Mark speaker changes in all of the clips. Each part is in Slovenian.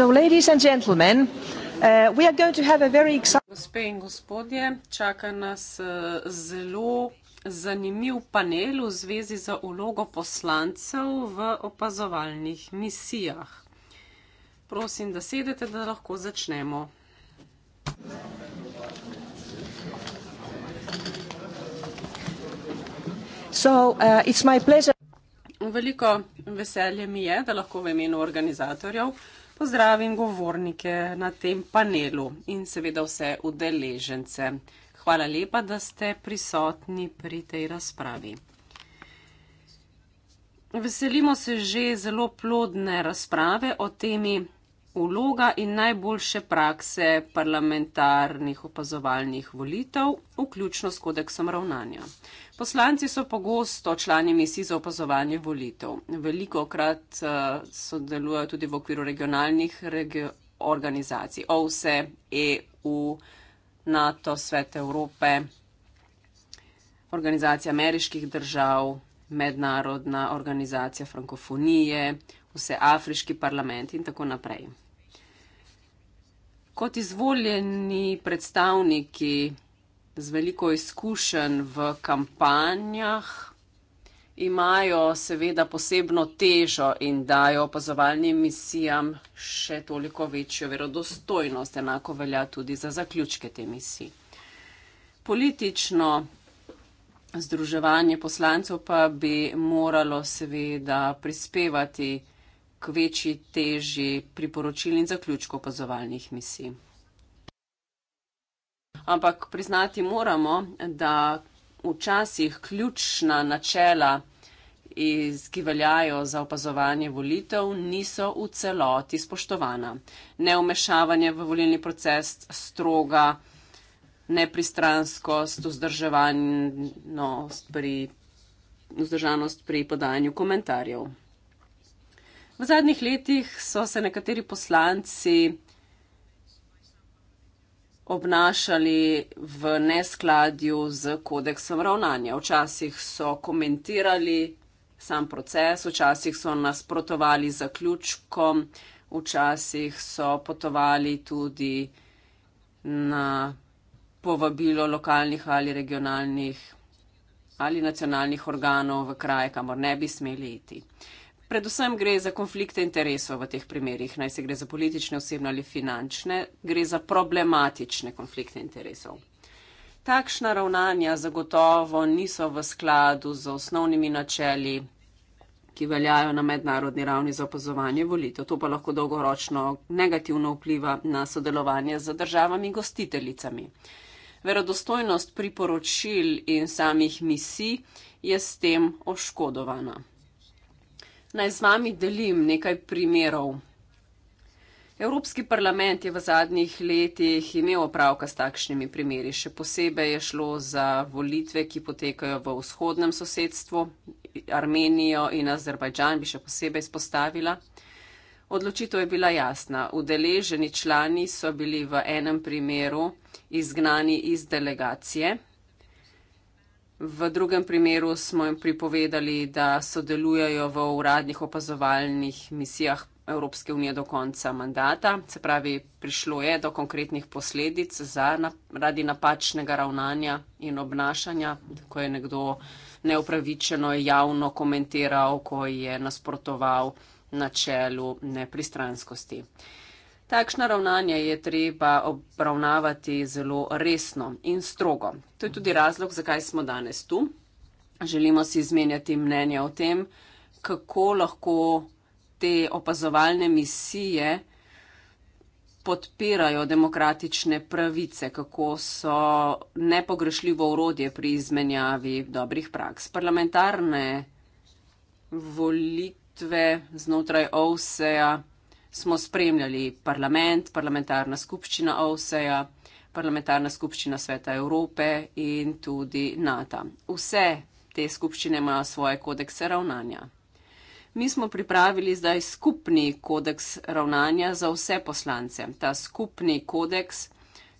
Speaker 1: Ladies and gentlemen, uh, we are going to have a very exciting.
Speaker 2: Gospe in gospodje, čaka nas eh, zelo zanimiv panel v zvezi za ulogo poslancev v opazovalnih misijah. Prosim, da sedete, da lahko začnemo. Uh, Veliko veselje mi je, da lahko v imenu organizatorjev pozdravim govornike na tem panelu in seveda vse udeležence. Hvala lepa, da ste prisotni pri tej razpravi. Veselimo se že zelo plodne razprave o temi vloga in najboljše prakse parlamentarnih opazovalnih volitev, vključno s kodeksom ravnanja. Poslanci so pogosto člani misij za opazovanje volitev. Veliko krat uh, eh, sodelujo tudi v okviru regionalnih regio organizacij OVSE, EU, NATO, Svet Evrope, Organizacija ameriških držav, Mednarodna organizacija frankofonije, vse afriški parlament in tako naprej kot izvoljeni predstavniki z veliko izkušenj v kampanjah, imajo seveda posebno težo in dajo opazovalnim misijam še toliko večjo verodostojnost. Enako velja tudi za zaključke te misije. Politično združevanje poslancev pa bi moralo seveda prispevati k večji teži priporočil in zaključkov opazovalnih misij. Ampak priznati moramo, da včasih ključna načela, iz, ki veljajo za opazovanje volitev, niso v celoti spoštovana. Neumešavanje v volilni proces stroga, nepristranskost, vzdrževanost pri, vzdržanost pri podajanju komentarjev. V zadnjih letih so se nekateri poslanci obnašali v neskladju z kodeksom ravnanja. Včasih so komentirali sam proces, včasih so nasprotovali zaključkom, včasih so potovali tudi na povabilo lokalnih ali regionalnih ali nacionalnih organov v kraje, kamor ne bi smeli iti. Predvsem gre za konflikte interesov v teh primerjih, naj se gre za politične, osebne ali finančne, gre za problematične konflikte interesov. Takšna ravnanja zagotovo niso v skladu z osnovnimi načeli, ki veljajo na mednarodni ravni za opazovanje volitev. To pa lahko dolgoročno negativno vpliva na sodelovanje z državami gostiteljicami. Verodostojnost priporočil in samih misij je s tem oškodovana. Naj z vami delim nekaj primerov. Evropski parlament je v zadnjih letih imel opravka s takšnimi primeri. Še posebej je šlo za volitve, ki potekajo v vzhodnem sosedstvu, Armenijo in Azerbajdžan bi še posebej izpostavila. Odločitev je bila jasna. Udeleženi člani so bili v enem primeru izgnani iz delegacije V drugem primeru smo jim pripovedali, da sodelujejo v uradnih opazovalnih misijah Evropske unije do konca mandata. Se pravi, prišlo je do konkretnih posledic zaradi napačnega ravnanja in obnašanja, ko je nekdo neupravičeno javno komentiral, ko je nasprotoval načelu nepristranskosti. Takšna ravnanja je treba obravnavati zelo resno in strogo. To je tudi razlog, zakaj smo danes tu. Želimo si izmenjati mnenja o tem, kako lahko te opazovalne misije podpirajo demokratične pravice, kako so nepogrešljivo urodje pri izmenjavi dobrih praks. Parlamentarne volitve znotraj OVSE-a smo spremljali parlament, parlamentarna skupščina OVSE-ja, parlamentarna skupščina Sveta Evrope in tudi NATO. Vse te skupščine imajo svoje kodekse ravnanja. Mi smo pripravili zdaj skupni kodeks ravnanja za vse poslance. Ta skupni kodeks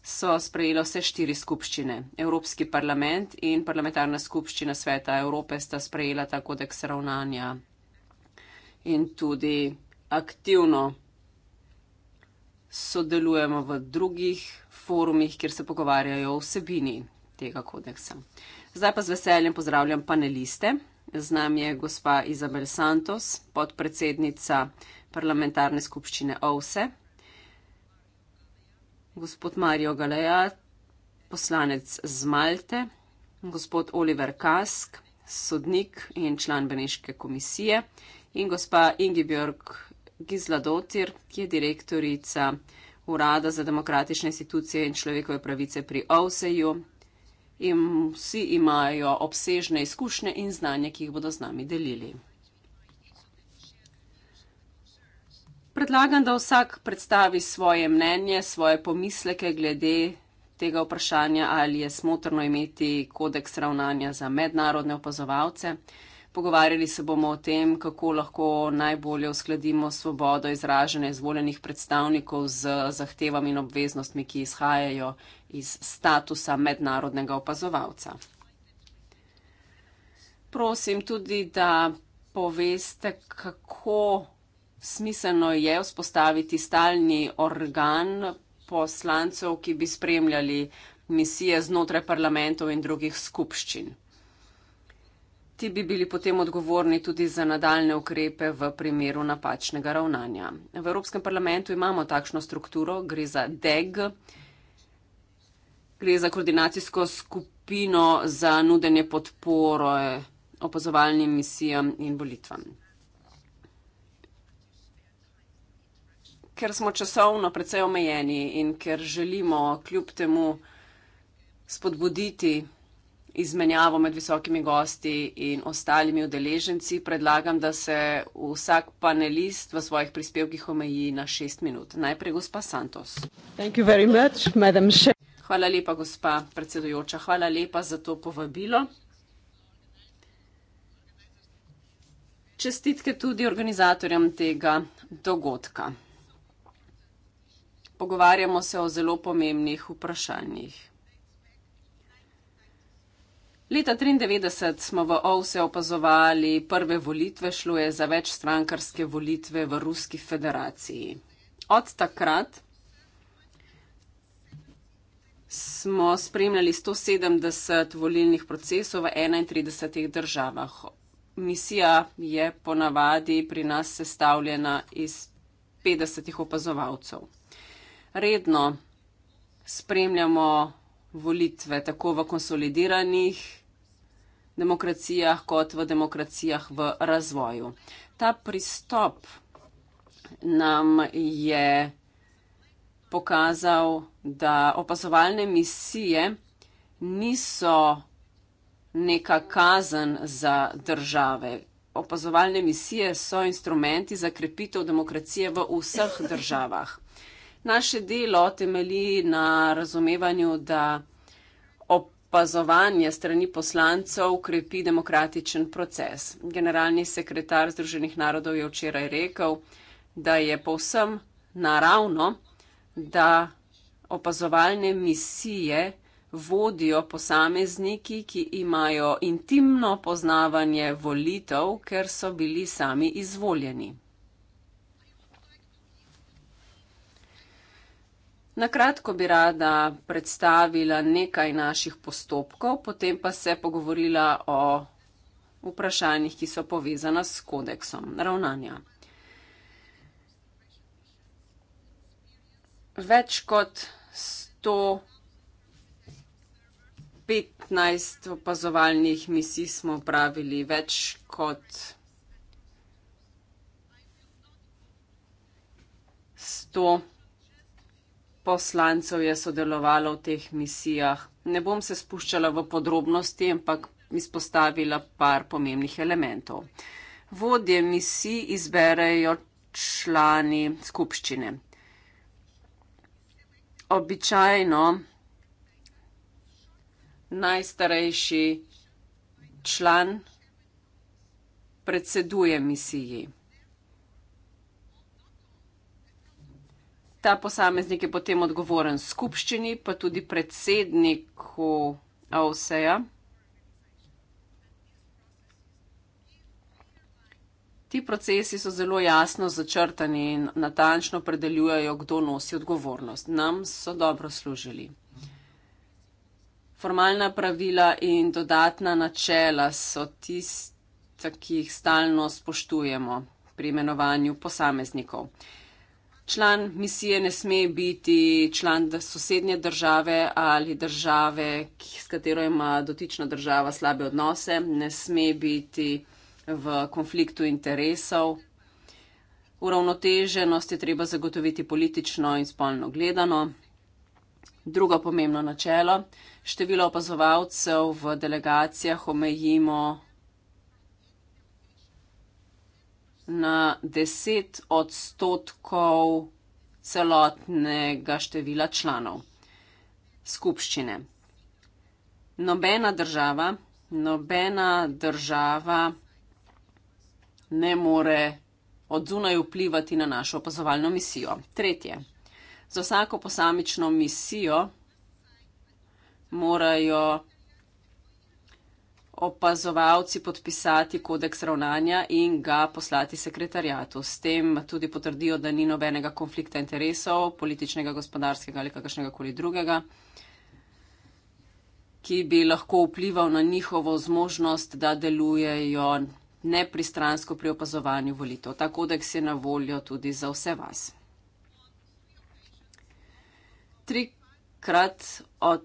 Speaker 2: so sprejeli vse štiri skupščine. Evropski parlament in parlamentarna skupščina Sveta Evrope sta sprejela ta kodeks ravnanja in tudi aktivno sodelujemo v drugih forumih, kjer se pogovarjajo o vsebini tega kodeksa. Zdaj pa z veseljem pozdravljam paneliste. Z nami je gospa Izabel Santos, podpredsednica parlamentarne skupščine OVSE, gospod Mario Galeja, poslanec z Malte, gospod Oliver Kask, sodnik in član Beneške komisije in gospa Ingi Björk Gizla Dotir, ki je direktorica Urada za demokratične institucije in človekove pravice pri OVSE-ju. In vsi imajo obsežne izkušnje in znanje, ki jih bodo z nami delili. Predlagam, da vsak predstavi svoje mnenje, svoje pomisleke glede tega vprašanja, ali je smotrno imeti kodeks ravnanja za mednarodne opazovalce. Pogovarjali se bomo o tem, kako lahko najbolje uskladimo svobodo izražanja izvoljenih predstavnikov z zahtevami in obveznostmi, ki izhajajo iz statusa mednarodnega opazovalca. Prosim tudi, da poveste, kako smiselno je vzpostaviti stalni organ poslancev, ki bi spremljali misije znotraj parlamentov in drugih skupščin ti bi bili potem odgovorni tudi za nadaljne ukrepe v primeru napačnega ravnanja. V Evropskem parlamentu imamo takšno strukturo, gre za DEG, gre za koordinacijsko skupino za nudenje podporo opazovalnim misijam in volitvam. Ker smo časovno precej omejeni in ker želimo kljub temu spodbuditi izmenjavo med visokimi gosti in ostalimi udeleženci, predlagam, da se vsak panelist v svojih prispevkih omeji na šest minut. Najprej gospa Santos. Much, Hvala lepa, gospa predsedujoča. Hvala lepa za to povabilo. Čestitke tudi organizatorjem tega dogodka. Pogovarjamo se o zelo pomembnih vprašanjih. Leta 1993 smo v OVSE opazovali prve volitve, šlo je za večstrankarske volitve v Ruski federaciji. Od takrat smo spremljali 170 volilnih procesov v 31 državah. Misija je ponavadi pri nas sestavljena iz 50 opazovalcev. Redno spremljamo volitve tako v konsolidiranih demokracijah kot v demokracijah v razvoju. Ta pristop nam je pokazal, da opazovalne misije niso neka kazen za države. Opazovalne misije so instrumenti za krepitev demokracije v vseh državah. Naše delo temelji na razumevanju, da opazovanje strani poslancev ukrepi demokratičen proces. Generalni sekretar Združenih narodov je včeraj rekel, da je povsem naravno, da opazovalne misije vodijo posamezniki, ki imajo intimno poznavanje volitev, ker so bili sami izvoljeni. Na kratko bi rada predstavila nekaj naših postopkov, potem pa se pogovorila o vprašanjih, ki so povezana s kodeksom ravnanja. Več kot 115 opazovalnih misij smo upravili, več kot 100 poslancev je sodelovalo v teh misijah. Ne bom se spuščala v podrobnosti, ampak izpostavila par pomembnih elementov. Vodje misij izberejo člani skupščine. Običajno najstarejši član predseduje misiji. Ta posameznik je potem odgovoren skupščini, pa tudi predsedniku AOC-ja. Ti procesi so zelo jasno začrtani in natančno predeljujejo, kdo nosi odgovornost. Nam so dobro služili. Formalna pravila in dodatna načela so tista, ki jih stalno spoštujemo pri imenovanju posameznikov član misije ne sme biti član sosednje države ali države, s katero ima dotična država slabe odnose, ne sme biti v konfliktu interesov. Uravnoteženost je treba zagotoviti politično in spolno gledano. Drugo pomembno načelo, število opazovalcev v delegacijah omejimo na 10 odstotkov celotnega števila članov skupščine. Nobena država, nobena država ne more od zunaj vplivati na našo opazovalno misijo. Tretje, za vsako posamično misijo morajo opazovalci podpisati kodeks ravnanja in ga poslati sekretarjatu. S tem tudi potrdijo, da ni nobenega konflikta interesov, političnega, gospodarskega ali kakršnega koli drugega, ki bi lahko vplival na njihovo zmožnost, da delujejo nepristransko pri opazovanju volitev. Ta kodeks je na voljo tudi za vse vas. Trikrat od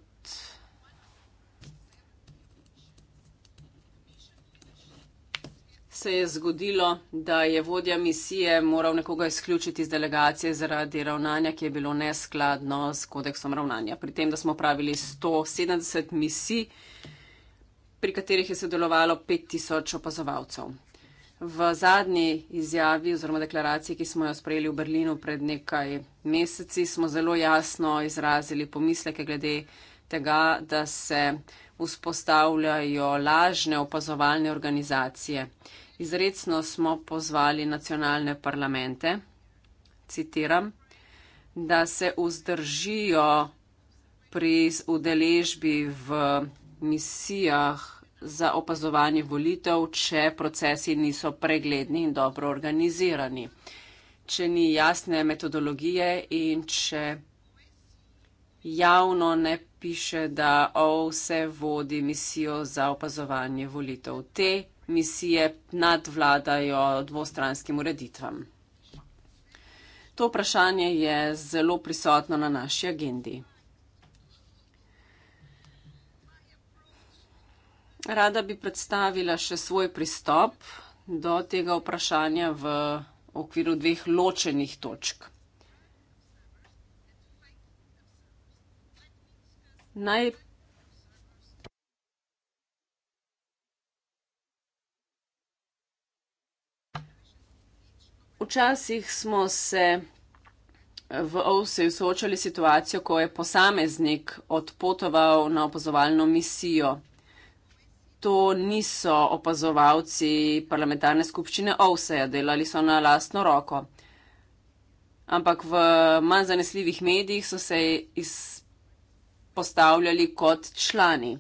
Speaker 2: se je zgodilo, da je vodja misije moral nekoga izključiti iz delegacije zaradi ravnanja, ki je bilo neskladno s kodeksom ravnanja. Pri tem, da smo pravili 170 misij, pri katerih je sodelovalo 5000 opazovalcev. V zadnji izjavi oziroma deklaraciji, ki smo jo sprejeli v Berlinu pred nekaj meseci, smo zelo jasno izrazili pomisleke glede tega, da se vzpostavljajo lažne opazovalne organizacije Izredno smo pozvali nacionalne parlamente, citiram, da se vzdržijo pri udeležbi v misijah za opazovanje volitev, če procesi niso pregledni in dobro organizirani, če ni jasne metodologije in če javno ne piše, da OVSE vodi misijo za opazovanje volitev. Te misije nadvladajo dvostranskim ureditvam. To vprašanje je zelo prisotno na naši agendi. Rada bi predstavila še svoj pristop do tega vprašanja v okviru dveh ločenih točk. Najprej včasih smo se v OVSE-ju soočali s situacijo, ko je posameznik odpotoval na opazovalno misijo. To niso opazovalci parlamentarne skupščine OVSE-ja, delali so na lastno roko. Ampak v manj zanesljivih medijih so se izpostavljali kot člani.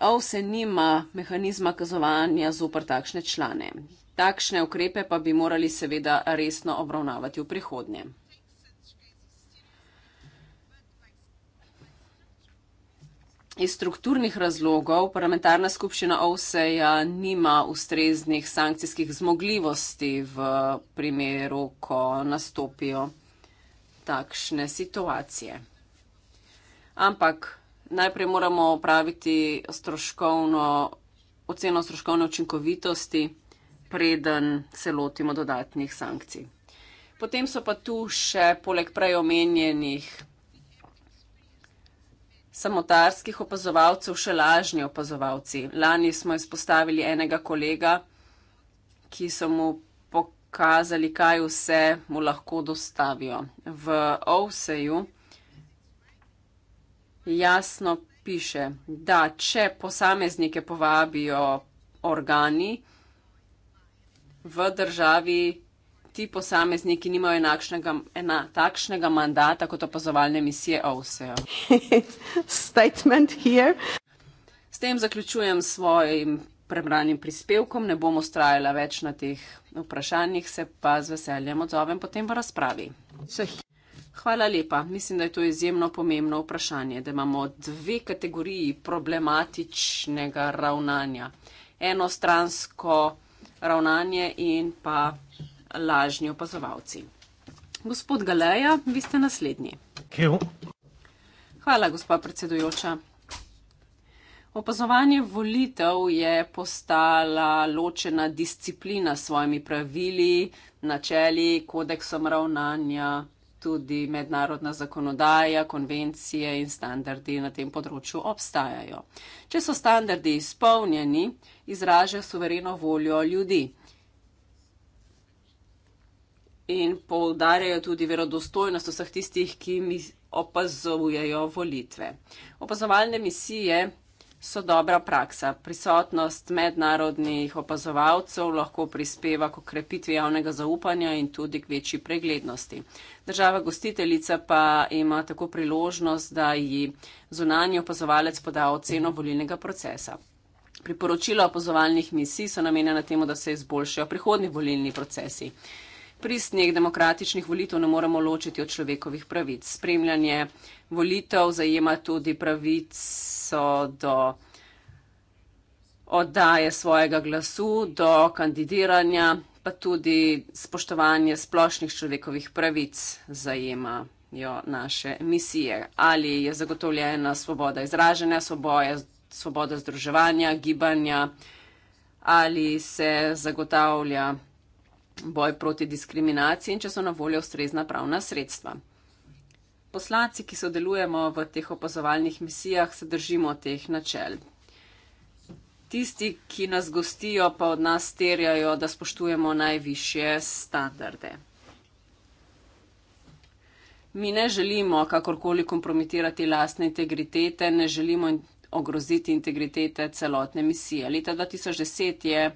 Speaker 2: OVSE nima mehanizma kazovanja zopr takšne člane. Takšne ukrepe pa bi morali seveda resno obravnavati v prihodnje. Iz strukturnih razlogov parlamentarna skupščina OVSE-ja nima ustreznih sankcijskih zmogljivosti v primeru, ko nastopijo takšne situacije. Ampak najprej moramo opraviti stroškovno, oceno stroškovne učinkovitosti preden se lotimo dodatnih sankcij. Potem so pa tu še poleg preomenjenih samotarskih opazovalcev še lažni opazovalci. Lani smo izpostavili enega kolega, ki so mu pokazali, kaj vse mu lahko dostavijo. V OVSE-ju jasno piše, da če posameznike povabijo organi, v državi ti posamezniki nimajo enakšnega, ena, takšnega mandata kot opazovalne misije OVSEO.
Speaker 3: Statement here.
Speaker 2: S tem zaključujem svojim prebranim prispevkom, ne bom ustrajala več na teh vprašanjih, se pa z veseljem odzovem potem v razpravi. Hvala lepa. Mislim, da je to izjemno pomembno vprašanje, da imamo dve kategoriji problematičnega ravnanja. Enostransko ravnanje in pa lažni opazovalci. Gospod Galeja, vi ste naslednji. Kjo? Hvala, gospod predsedujoča. Opazovanje volitev je postala ločena disciplina s svojimi pravili, načeli, kodeksom ravnanja, tudi mednarodna zakonodaja, konvencije in standardi na tem področju obstajajo. Če so standardi izpolnjeni, izraža suvereno voljo ljudi. In poudarjajo tudi verodostojnost vseh tistih, ki opazujejo volitve. Opazovalne misije so dobra praksa. Prisotnost mednarodnih opazovalcev lahko prispeva k okrepitvi javnega zaupanja in tudi k večji preglednosti. Država gostiteljica pa ima tako priložnost, da ji zunanji opazovalec poda oceno volilnega procesa. Priporočila opozovalnih misij so namenjena temu, da se izboljšajo prihodni volilni procesi. Pristnih demokratičnih volitev ne moremo ločiti od človekovih pravic. Spremljanje volitev zajema tudi pravico do oddaje svojega glasu, do kandidiranja, pa tudi spoštovanje splošnih človekovih pravic zajema jo naše misije. Ali je zagotovljena svoboda izražanja, svoboja svoboda združevanja, gibanja, ali se zagotavlja boj proti diskriminaciji in če so na voljo ustrezna pravna sredstva. Poslanci, ki sodelujemo v teh opazovalnih misijah, se držimo teh načel. Tisti, ki nas gostijo, pa od nas terjajo, da spoštujemo najvišje standarde. Mi ne želimo kakorkoli kompromitirati lastne integritete, ne želimo ogroziti integritete celotne misije. Leta 2010 je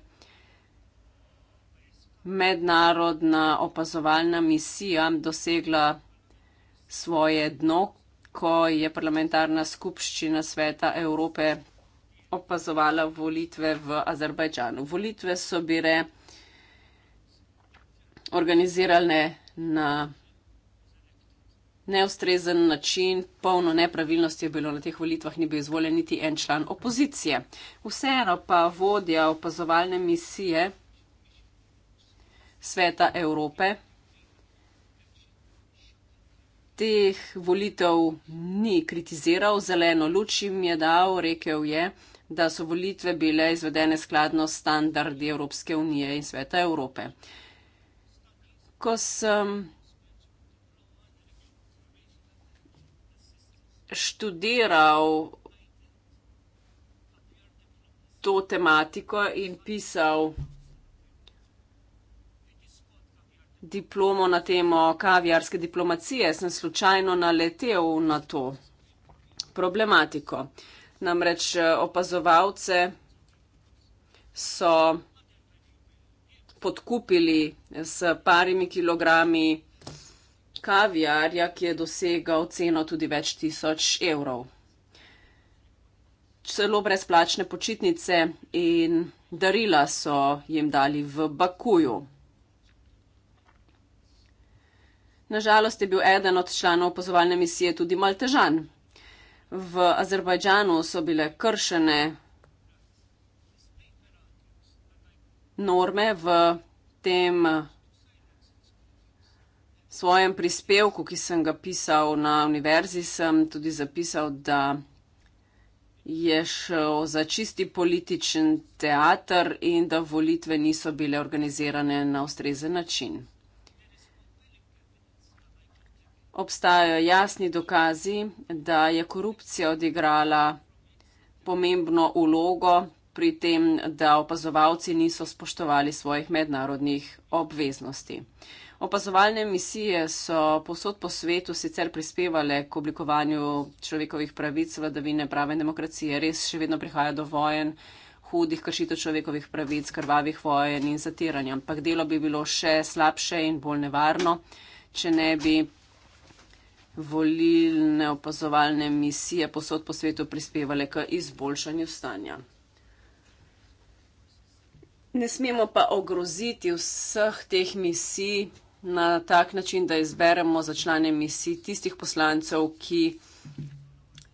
Speaker 2: mednarodna opazovalna misija dosegla svoje dno, ko je parlamentarna skupščina Sveta Evrope opazovala volitve v Azerbajdžanu. Volitve so bile organizirane na neustrezen način, polno nepravilnosti je bilo na teh volitvah, ni bil izvoljen niti en član opozicije. Vseeno pa vodja opazovalne misije Sveta Evrope teh volitev ni kritiziral, zeleno luč jim je dal, rekel je, da so volitve bile izvedene skladno s standardi Evropske unije in Sveta Evrope. Ko sem študiral to tematiko in pisal diplomo na temo kavijarske diplomacije, sem slučajno naletel na to problematiko. Namreč eh, opazovalce so podkupili s parimi kilogrami kaviarja, ki je dosegal ceno tudi več tisoč evrov. Celo brezplačne počitnice in darila so jim dali v Bakuju. Nažalost je bil eden od članov opozovalne misije tudi Maltežan. V Azerbajdžanu so bile kršene norme v tem svojem prispevku, ki sem ga pisal na univerzi, sem tudi zapisal, da je šlo za čisti političen teater in da volitve niso bile organizirane na ustrezen način. Obstajajo jasni dokazi, da je korupcija odigrala pomembno ulogo pri tem, da opazovalci niso spoštovali svojih mednarodnih obveznosti. Opazovalne misije so posod po svetu sicer prispevale k oblikovanju človekovih pravic, vladavine prave demokracije. Res še vedno prihaja do vojen, hudih kršitev človekovih pravic, krvavih vojen in zatiranja. Ampak delo bi bilo še slabše in bolj nevarno, če ne bi volilne opazovalne misije posod po svetu prispevale k izboljšanju stanja. Ne smemo pa ogroziti vseh teh misij na tak način, da izberemo za člane misij tistih poslancev, ki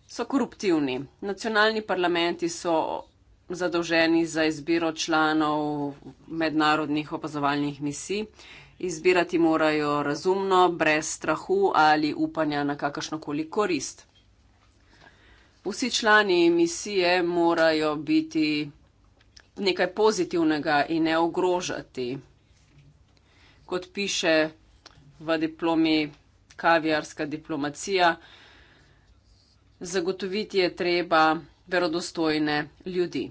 Speaker 2: so koruptivni. Nacionalni parlamenti so zadolženi za izbiro članov mednarodnih opazovalnih misij. Izbirati morajo razumno, brez strahu ali upanja na kakršnokoli korist. Vsi člani misije morajo biti nekaj pozitivnega in ne ogrožati kot piše v diplomi Kavijarska diplomacija, zagotoviti je treba verodostojne ljudi.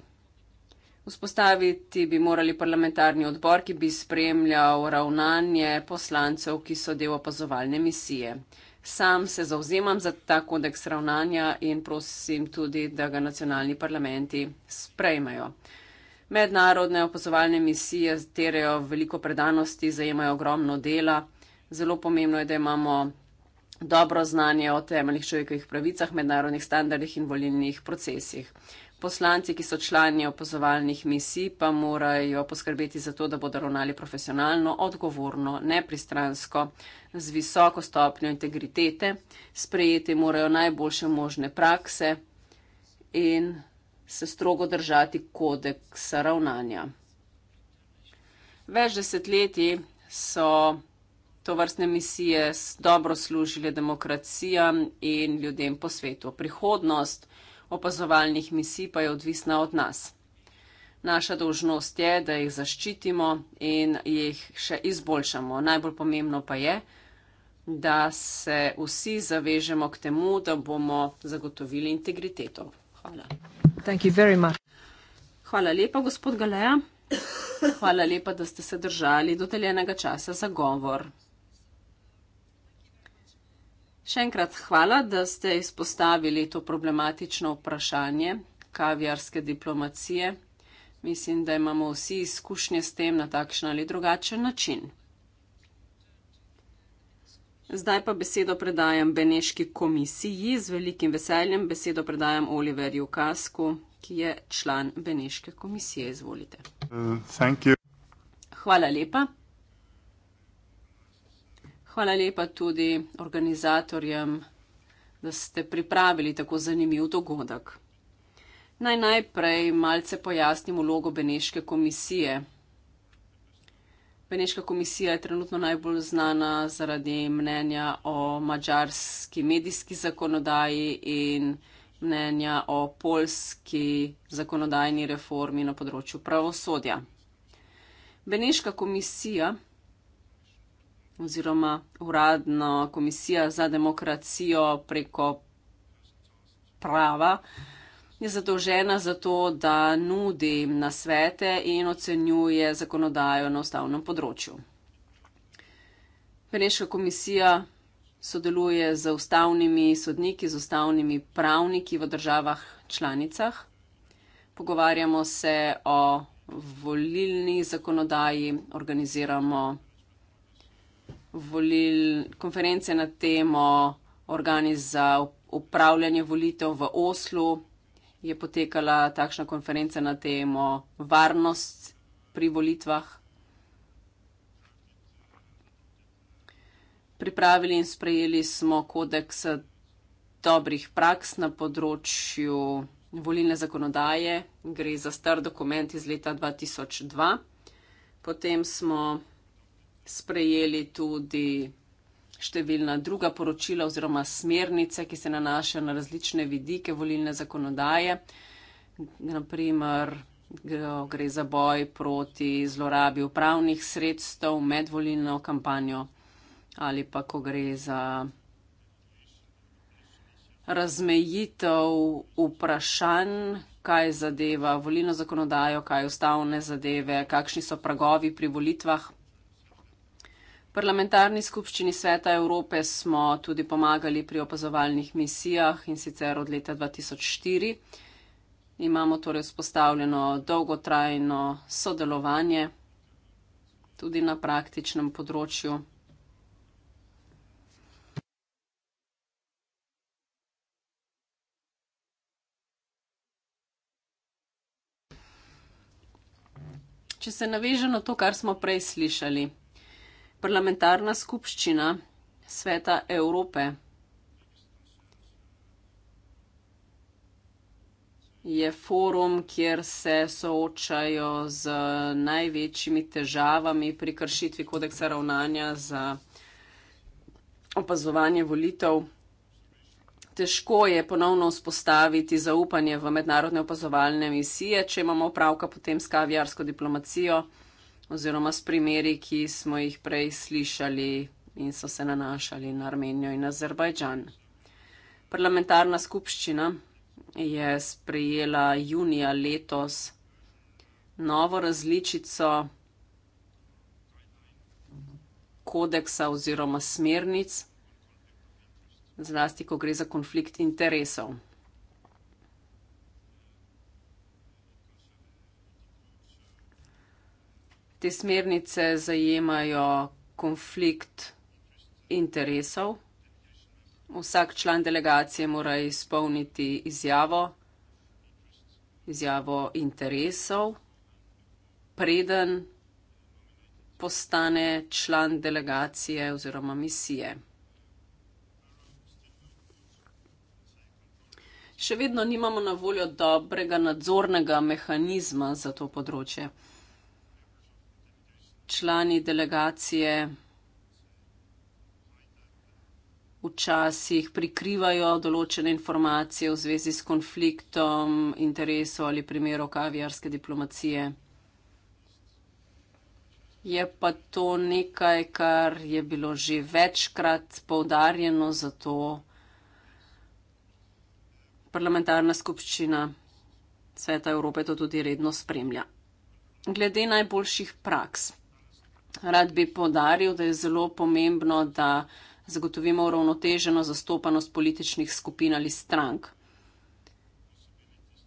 Speaker 2: Vzpostaviti bi morali parlamentarni odbor, ki bi spremljal ravnanje poslancev, ki so del opazovalne misije. Sam se zauzemam za ta kodeks ravnanja in prosim tudi, da ga nacionalni parlamenti sprejmejo. Mednarodne opazovalne misije terejo veliko predanosti, zajemajo ogromno dela. Zelo pomembno je, da imamo dobro znanje o temeljnih človekovih pravicah, mednarodnih standardih in volilnih procesih. Poslanci, ki so člani opazovalnih misij, pa morajo poskrbeti za to, da bodo ravnali profesionalno, odgovorno, nepristransko, z visoko stopnjo integritete, sprejeti morajo najboljše možne prakse in se strogo držati kodeksa ravnanja. Več desetletji so to vrstne misije dobro služile demokracijam in ljudem po svetu. Prihodnost opazovalnih misij pa je odvisna od nas. Naša dožnost je, da jih zaščitimo in jih še izboljšamo. Najbolj pomembno pa je, da se vsi zavežemo k temu, da bomo zagotovili integriteto. Hvala. Hvala lepa, gospod Galeja. Hvala lepa, da ste se držali doteljenega časa za govor. Še enkrat hvala, da ste izpostavili to problematično vprašanje kavjarske diplomacije. Mislim, da imamo vsi izkušnje s tem na takšen ali drugačen način. Zdaj pa besedo predajam Beneški komisiji, z velikim veseljem besedo predajam Oliverju Kasku, ki je član Beneške komisije. Izvolite. Hvala lepa. Hvala lepa tudi organizatorjem, da ste pripravili tako zanimiv dogodek. Naj najprej malce pojasnim vlogo Beneške komisije. Beneška komisija je trenutno najbolj znana zaradi mnenja o mačarski medijski zakonodaji in mnenja o polski zakonodajni reformi na področju pravosodja. Beneška komisija oziroma uradna komisija za demokracijo preko prava je zadolžena za to, da nudi nasvete in ocenjuje zakonodajo na ustavnem področju. Peneška komisija sodeluje z ustavnimi sodniki, z ustavnimi pravniki v državah članicah. Pogovarjamo se o volilni zakonodaji, organiziramo volil, konference na temo organi za upravljanje volitev v Oslu, je potekala takšna konferenca na temo varnost pri volitvah. Pripravili in sprejeli smo kodeks dobrih praks na področju volilne zakonodaje. Gre za star dokument iz leta 2002. Potem smo sprejeli tudi številna druga poročila oziroma smernice, ki se nanašajo na različne vidike volilne zakonodaje. Naprimer, gre za boj proti zlorabi upravnih sredstev med volilno kampanjo ali pa ko gre za razmejitev vprašanj, kaj zadeva volilno zakonodajo, kaj ustavne zadeve, kakšni so pragovi pri volitvah parlamentarni skupščini Sveta Evrope smo tudi pomagali pri opazovalnih misijah in sicer od leta 2004. Imamo torej vzpostavljeno dolgotrajno sodelovanje tudi na praktičnem področju. Če se naveže na to, kar smo prej slišali parlamentarna skupščina Sveta Evrope je forum, kjer se soočajo z največjimi težavami pri kršitvi kodeksa ravnanja za opazovanje volitev. Težko je ponovno vzpostaviti zaupanje v mednarodne opazovalne misije, če imamo opravka potem s kavijarsko diplomacijo oziroma s primeri, ki smo jih prej slišali in so se nanašali na Armenijo in Azerbajdžan. Parlamentarna skupščina je sprejela junija letos novo različico kodeksa oziroma smernic, zlasti ko gre za konflikt interesov. Te smernice zajemajo konflikt interesov. Vsak član delegacije mora izpolniti izjavo, izjavo interesov, preden postane član delegacije oziroma misije. Še vedno nimamo na voljo dobrega nadzornega mehanizma za to področje člani delegacije včasih prikrivajo določene informacije v zvezi s konfliktom interesov ali primerov kavijarske diplomacije. Je pa to nekaj, kar je bilo že večkrat povdarjeno, zato parlamentarna skupščina Sveta Evrope to tudi redno spremlja. Glede najboljših praks. Rad bi podaril, da je zelo pomembno, da zagotovimo uravnoteženo zastopanost političnih skupin ali strank.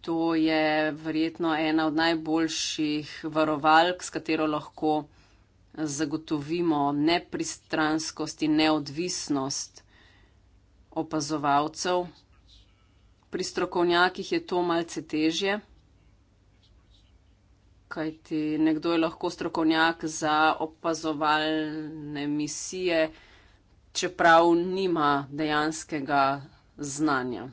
Speaker 2: To je verjetno ena od najboljših varovalk, s katero lahko zagotovimo nepristranskost in neodvisnost opazovalcev. Pri strokovnjakih je to malce težje kajti nekdo je lahko strokovnjak za opazovalne misije, čeprav nima dejanskega znanja.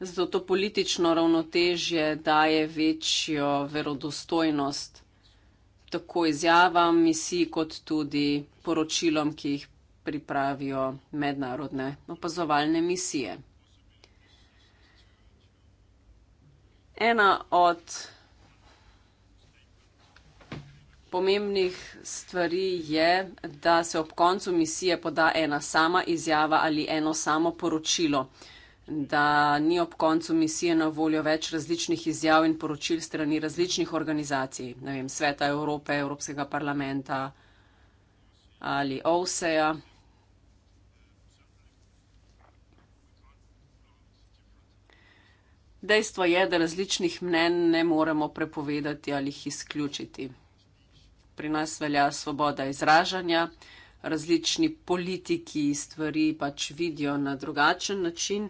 Speaker 2: Zato to politično ravnotežje daje večjo verodostojnost tako izjavam misij, kot tudi poročilom, ki jih pripravijo mednarodne opazovalne misije. ena od pomembnih stvari je, da se ob koncu misije poda ena sama izjava ali eno samo poročilo. Da ni ob koncu misije na voljo več različnih izjav in poročil strani različnih organizacij, ne vem, Sveta Evrope, Evropskega parlamenta ali OVSE-ja. Dejstvo je, da različnih mnen ne moremo prepovedati ali jih izključiti. Pri nas velja svoboda izražanja, različni politiki stvari pač vidijo na drugačen način.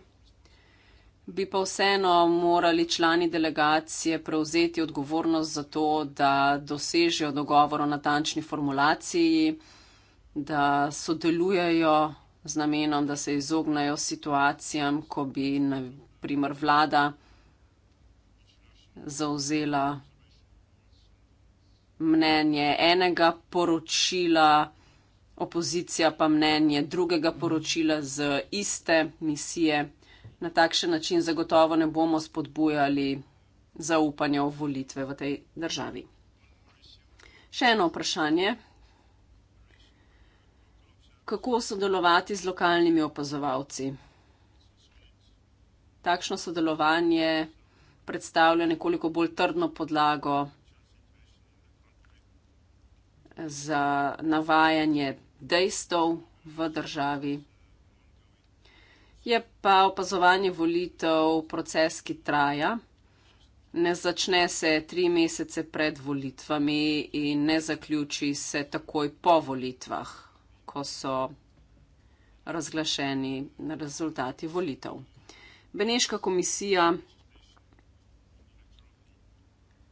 Speaker 2: Bi pa vseeno morali člani delegacije prevzeti odgovornost za to, da dosežejo dogovor o natančni formulaciji, da sodelujejo z namenom, da se izognajo situacijam, ko bi primer vlada zauzela mnenje enega poročila, opozicija pa mnenje drugega poročila z iste misije. Na takšen način zagotovo ne bomo spodbujali zaupanja v volitve v tej državi. Še eno vprašanje. Kako sodelovati z lokalnimi opazovalci? takšno sodelovanje predstavlja nekoliko bolj trdno podlago za navajanje dejstev v državi. Je pa opazovanje volitev proces, ki traja. Ne začne se tri mesece pred volitvami in ne zaključi se takoj po volitvah, ko so razglašeni rezultati volitev. Beneška komisija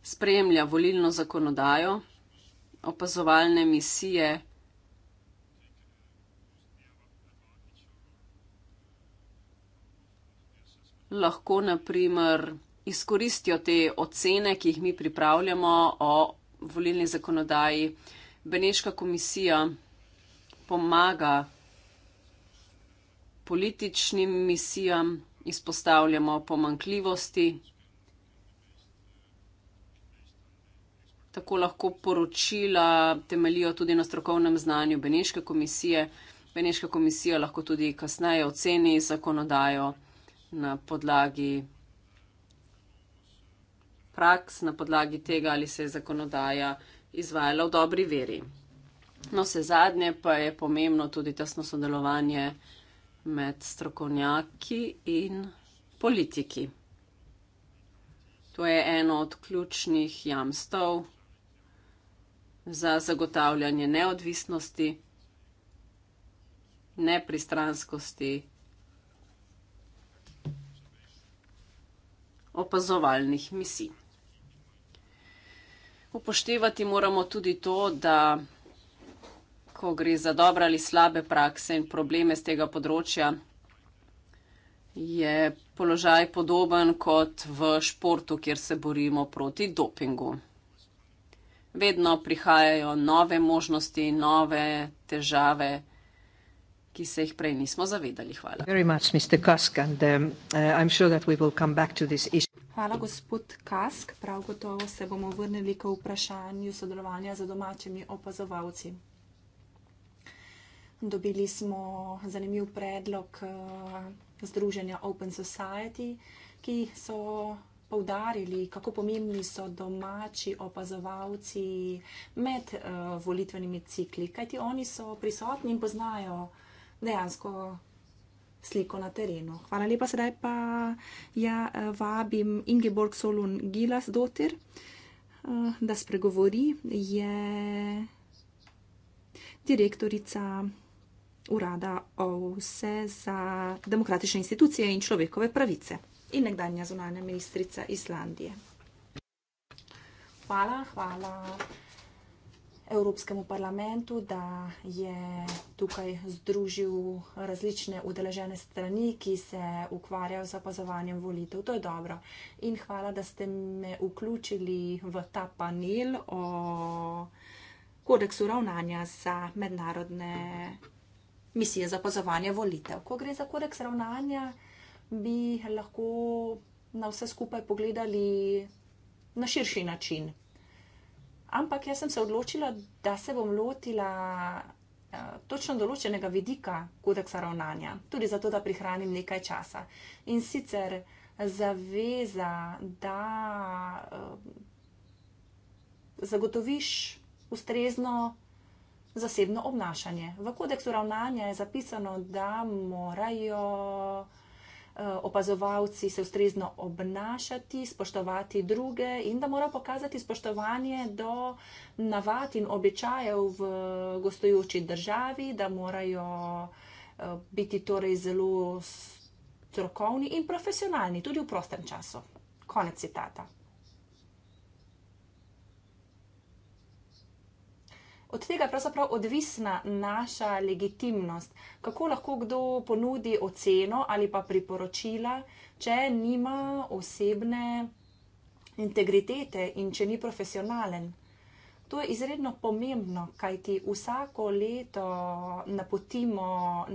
Speaker 2: spremlja volilno zakonodajo, opazovalne misije. Lahko naprimer izkoristijo te ocene, ki jih mi pripravljamo o volilni zakonodaji. Beneška komisija pomaga političnim misijam, izpostavljamo pomankljivosti. Tako lahko poročila temelijo tudi na strokovnem znanju Beneške komisije. Beneška komisija lahko tudi kasneje oceni zakonodajo na podlagi praks, na podlagi tega, ali se je zakonodaja izvajala v dobri veri. No, se zadnje pa je pomembno tudi tesno sodelovanje uh, med strokovnjaki in politiki. To je eno od ključnih jamstov za zagotavljanje neodvisnosti, nepristranskosti, opazovalnih misij. Upoštevati moramo tudi to, da ko gre za dobre ali slabe prakse in probleme z tega področja, je položaj podoben kot v športu, kjer se borimo proti dopingu. Vedno prihajajo nove možnosti, nove težave, ki se jih prej nismo zavedali. Hvala. Um, uh, Hvala,
Speaker 1: gospod Kask. Prav gotovo se bomo vrnili k vprašanju sodelovanja za domačimi opazovalci dobili smo zanimiv predlog eh, Združenja Open Society, ki so povdarili, kako pomembni so domači opazovalci med eh, volitvenimi cikli, kajti oni so prisotni in poznajo dejansko sliko na terenu. Hvala lepa, sedaj pa ja eh, vabim Ingeborg Solun Gilas dotir, da spregovori, je direktorica urada OVSE za demokratične institucije in človekove pravice in nekdanja zunanja ministrica Islandije. Hvala, hvala Evropskemu parlamentu, da je tukaj združil različne udeležene strani, ki se ukvarjajo z opazovanjem volitev. To je dobro. In hvala, da ste me vključili v ta panel o kodeksu ravnanja za mednarodne misije za pozvanje volitev. Ko gre za kodeks ravnanja, bi lahko na vse skupaj pogledali na širši način. Ampak jaz sem se odločila, da se bom lotila uh, točno določenega vidika kodeksa ravnanja, tudi zato, da prihranim nekaj časa. In sicer zaveza, da uh, zagotoviš ustrezno zasebno obnašanje. V kodeksu ravnanja je zapisano, da morajo eh, opazovalci se ustrezno obnašati, spoštovati druge in da morajo pokazati spoštovanje do navad in običajev v gostujoči državi, da morajo eh, biti torej zelo strokovni in profesionalni tudi v prostem času. Konec citata. od tega je pravzaprav odvisna naša legitimnost. Kako lahko kdo ponudi oceno ali pa priporočila, če nima osebne integritete in če ni profesionalen? To je izredno pomembno, kajti vsako leto napotimo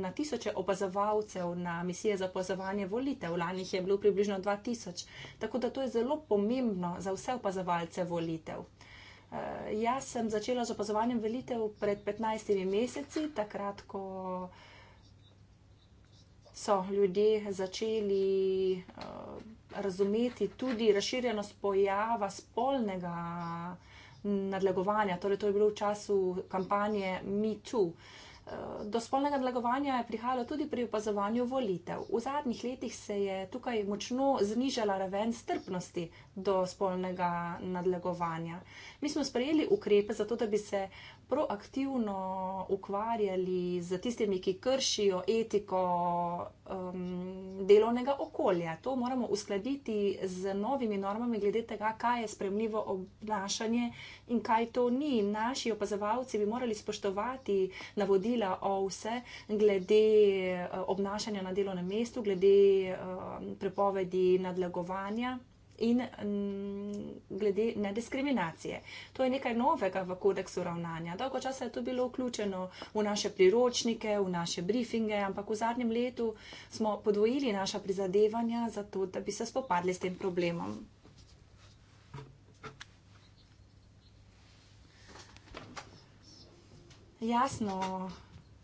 Speaker 1: na tisoče opazovalcev na misije za opazovanje volitev. Lani je bilo približno 2000, tako da to je zelo pomembno za vse opazovalce volitev. Eh, jaz sem začela z opazovanjem velitev pred 15 meseci, takrat, ko so ljudje začeli eh, razumeti tudi razširjenost pojava spolnega nadlegovanja. Torej, to je bilo v času kampanje MeToo. Eh, do spolnega nadlegovanja je prihajalo tudi pri opazovanju volitev. V zadnjih letih se je tukaj močno znižala raven strpnosti do spolnega nadlegovanja. Mi smo sprejeli ukrepe za to, da bi se proaktivno ukvarjali z tistimi, ki kršijo etiko um, delovnega okolja. To moramo uskladiti z novimi normami, glede tega, kaj je spremljivo obnašanje in kaj to ni. Naši opazovalci bi morali spoštovati navodila o vse, glede eh, obnašanja na delovnem mestu, glede um, prepovedi nadlegovanja in mm, glede nediskriminacije. To je nekaj novega v kodeksu ravnanja. Dolgo časa je to bilo vključeno v naše priročnike, v naše briefinge, ampak v zadnjem letu smo podvojili naša prizadevanja za to, da bi se spopadli s tem problemom. Jasno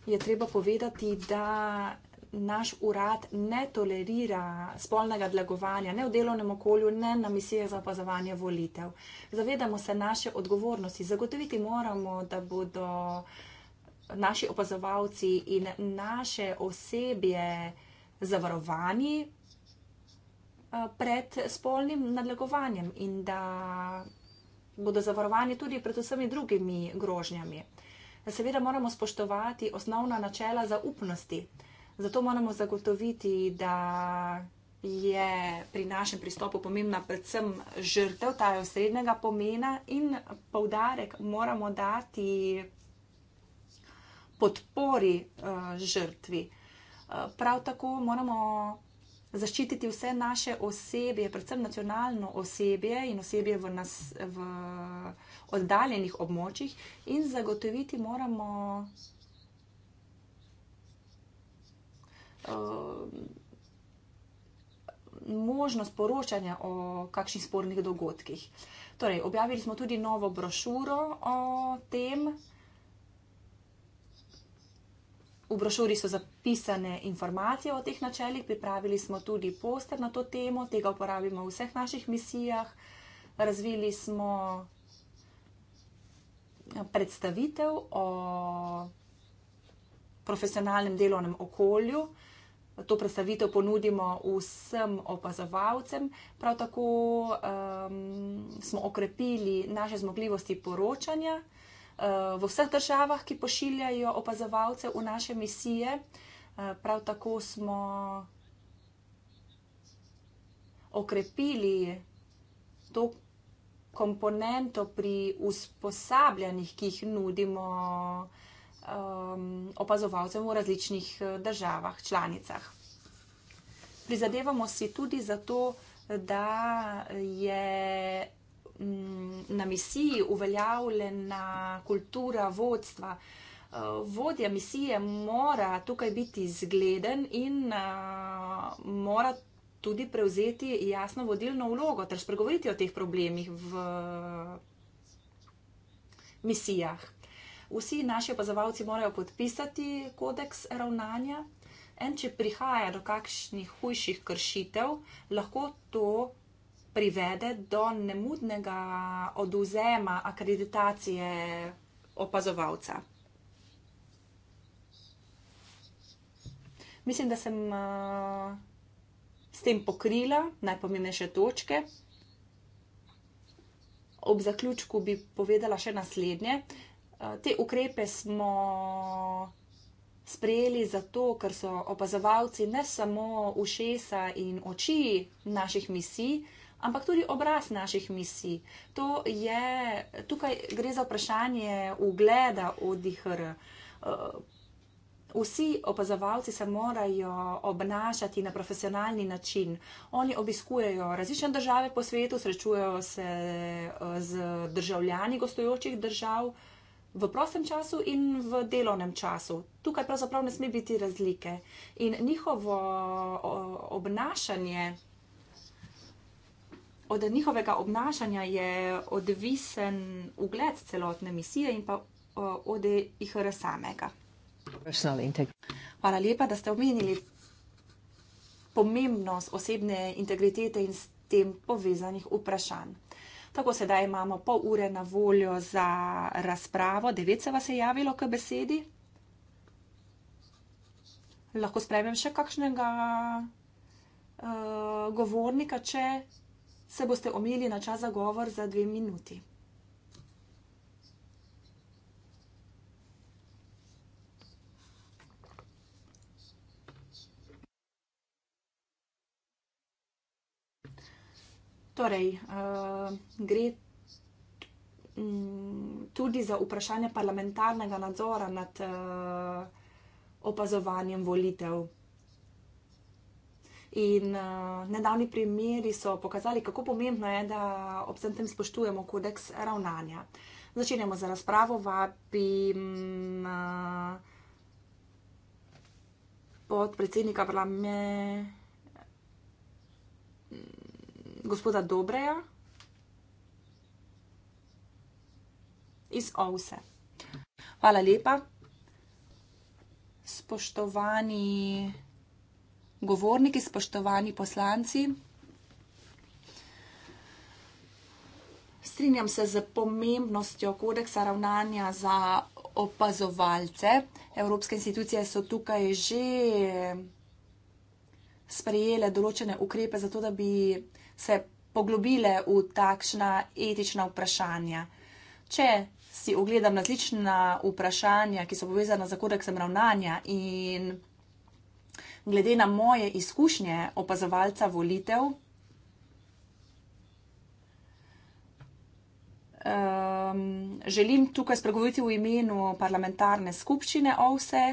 Speaker 1: je treba povedati, da naš urad ne tolerira spolnega dlagovanja, ne v delovnem okolju, ne na misijah za opazovanje volitev. Zavedamo se naše odgovornosti, zagotoviti moramo, da bodo naši opazovalci in naše osebje zavarovani eh, pred spolnim nadlegovanjem in da bodo zavarovani tudi pred vsemi drugimi grožnjami. Seveda moramo spoštovati osnovna načela zaupnosti. Uh, Zato moramo zagotoviti, da je pri našem pristopu pomembna predvsem žrtev, ta je osrednjega pomena in povdarek moramo dati podpori eh, žrtvi. Eh, prav tako moramo zaščititi vse naše osebje, predvsem nacionalno osebje in osebje v, nas, v oddaljenih območjih in zagotoviti moramo Eh, možnost poročanja o kakšnih spornih dogodkih. Torej, objavili smo tudi novo brošuro o tem. V brošuri so zapisane informacije o teh načelih, pripravili smo tudi poster na to temo, tega uporabimo v vseh naših misijah. Razvili smo predstavitev o profesionalnem delovnem okolju, to predstavitev ponudimo vsem opazovalcem. Prav tako um, smo okrepili naše zmogljivosti poročanja uh, v vseh državah, ki pošiljajo opazovalce v naše misije. Uh, prav tako smo okrepili to komponento pri usposabljanjih, ki jih nudimo um, opazovalcem v različnih eh, državah, članicah. Prizadevamo si tudi zato, da je mm, na misiji uveljavljena kultura vodstva. Eh, vodja misije mora tukaj biti zgleden in uh, mora tudi prevzeti jasno vodilno vlogo ter spregovoriti o teh problemih v misijah vsi naši opazovalci morajo podpisati kodeks ravnanja. En, če prihaja do kakšnih hujših kršitev, lahko to privede do nemudnega oduzema akreditacije opazovalca. Mislim, da sem s tem pokrila najpomembnejše točke. Ob zaključku bi povedala še naslednje. Eh, te ukrepe smo sprejeli zato, ker so opazovalci ne samo ušesa in oči naših misij, ampak tudi obraz naših misij. Je, tukaj gre za vprašanje ugleda ODHR. Eh, vsi opazovalci se morajo obnašati na profesionalni način. Oni obiskujejo različne države po svetu, srečujejo se eh, z državljani gostujočih držav, v prostem času in v delovnem času. Tukaj pravzaprav ne sme biti razlike. In njihovo obnašanje, od njihovega obnašanja je odvisen ugled celotne misije in pa od jih samega. Hvala lepa, da ste omenili pomembnost osebne integritete in s tem povezanih vprašanj. Tako sedaj imamo pol ure na voljo za razpravo. Devet se vas je javilo k besedi. Lahko spremem še kakšnega uh, govornika, če se boste omili na čas za govor za dve minuti. Torej, uh, gre tudi za vprašanje parlamentarnega nadzora nad uh, opazovanjem volitev. In uh, nedavni primeri so pokazali, kako pomembno je, da ob vsem tem spoštujemo kodeks ravnanja. Začenjamo z razpravo, vabim uh, podpredsednika parlamenta gospoda Dobreja iz Ovse. Hvala lepa. Spoštovani govorniki, spoštovani poslanci. Strinjam se z pomembnostjo kodeksa ravnanja za opazovalce. Evropske institucije so tukaj že sprejele določene ukrepe, zato da bi se poglobile v takšna etična vprašanja. Če si ogledam različna vprašanja, ki so povezana z kodeksom ravnanja in glede na moje izkušnje opazovalca volitev, um, želim tukaj spregovoriti v imenu parlamentarne skupščine OVSE.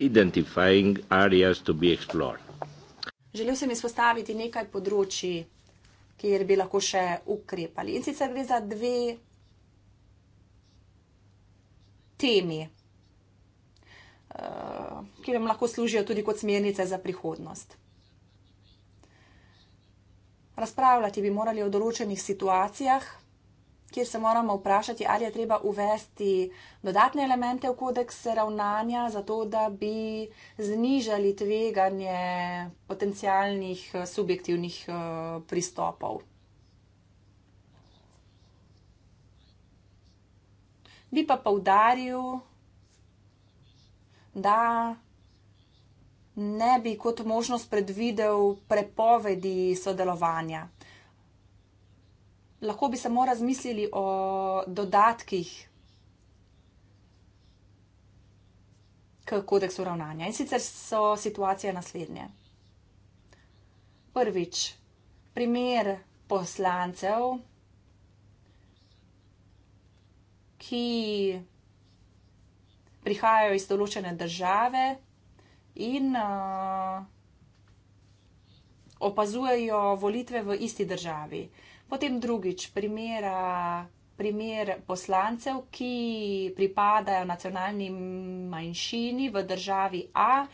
Speaker 3: Identifying areas
Speaker 2: to be explored.
Speaker 1: Želel sem izpostaviti nekaj področji, kjer bi lahko še ukrepali. In sicer gre za dve temi, eh, ki vam lahko služijo tudi kot smernice za prihodnost. Razpravljati bi morali o določenih situacijah, kjer se moramo vprašati, ali je treba uvesti dodatne elemente v kodeks ravnanja, zato da bi znižali tveganje potencijalnih eh, subjektivnih eh, pristopov. Bi pa povdaril, da ne bi kot možnost predvidel prepovedi sodelovanja lahko bi samo razmislili o dodatkih k kodeksu ravnanja. In sicer so situacije naslednje. Prvič, primer poslancev, ki prihajajo iz določene države in uh, opazujejo volitve v isti državi. Uh, Potem drugič, primera, primer poslancev, ki pripadajo nacionalni manjšini v državi A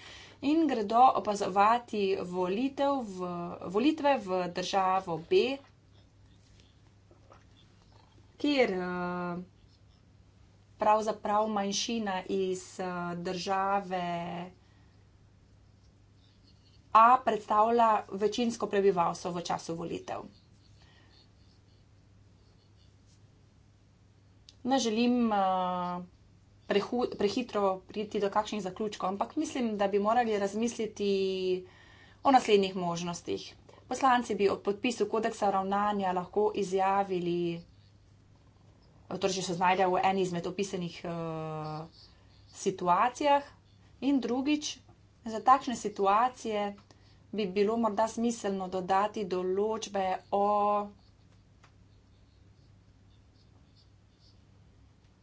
Speaker 1: in gredo opazovati volitev v, volitve v državo B, kjer pravzaprav manjšina iz države. A predstavlja večinsko prebivalstvo v času volitev. ne želim uh, prehitro priti do kakšnih zaključkov, ampak mislim, da bi morali razmisliti o naslednjih možnostih. Poslanci bi ob podpisu kodeksa ravnanja lahko izjavili, eh, torej, če se znajdejo v eni izmed opisanih uh, eh, situacij, in drugič, za takšne situacije bi bilo morda smiselno dodati določbe o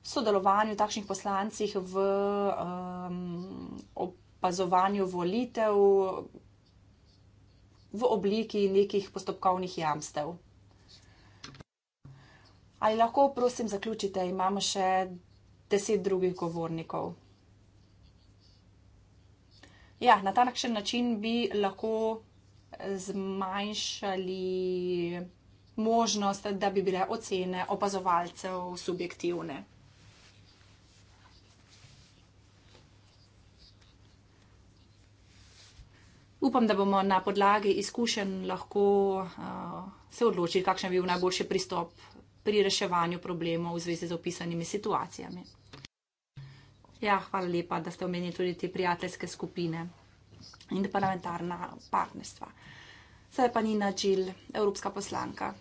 Speaker 1: sodelovanju takšnih poslancih v um, opazovanju volitev v obliki nekih postopkovnih jamstev. Ali lahko, prosim, zaključite? Imamo še deset drugih govornikov. Ja, na ta način bi lahko zmanjšali možnost, da bi bile ocene opazovalcev subjektivne. upam, da bomo na podlagi izkušenj lahko uh, se odločili, kakšen bi bil najboljši pristop pri reševanju problemov v zvezi z opisanimi situacijami. Ja, hvala lepa, da ste omenili tudi te prijateljske skupine in parlamentarna partnerstva. Zdaj pa ni načil evropska poslanka.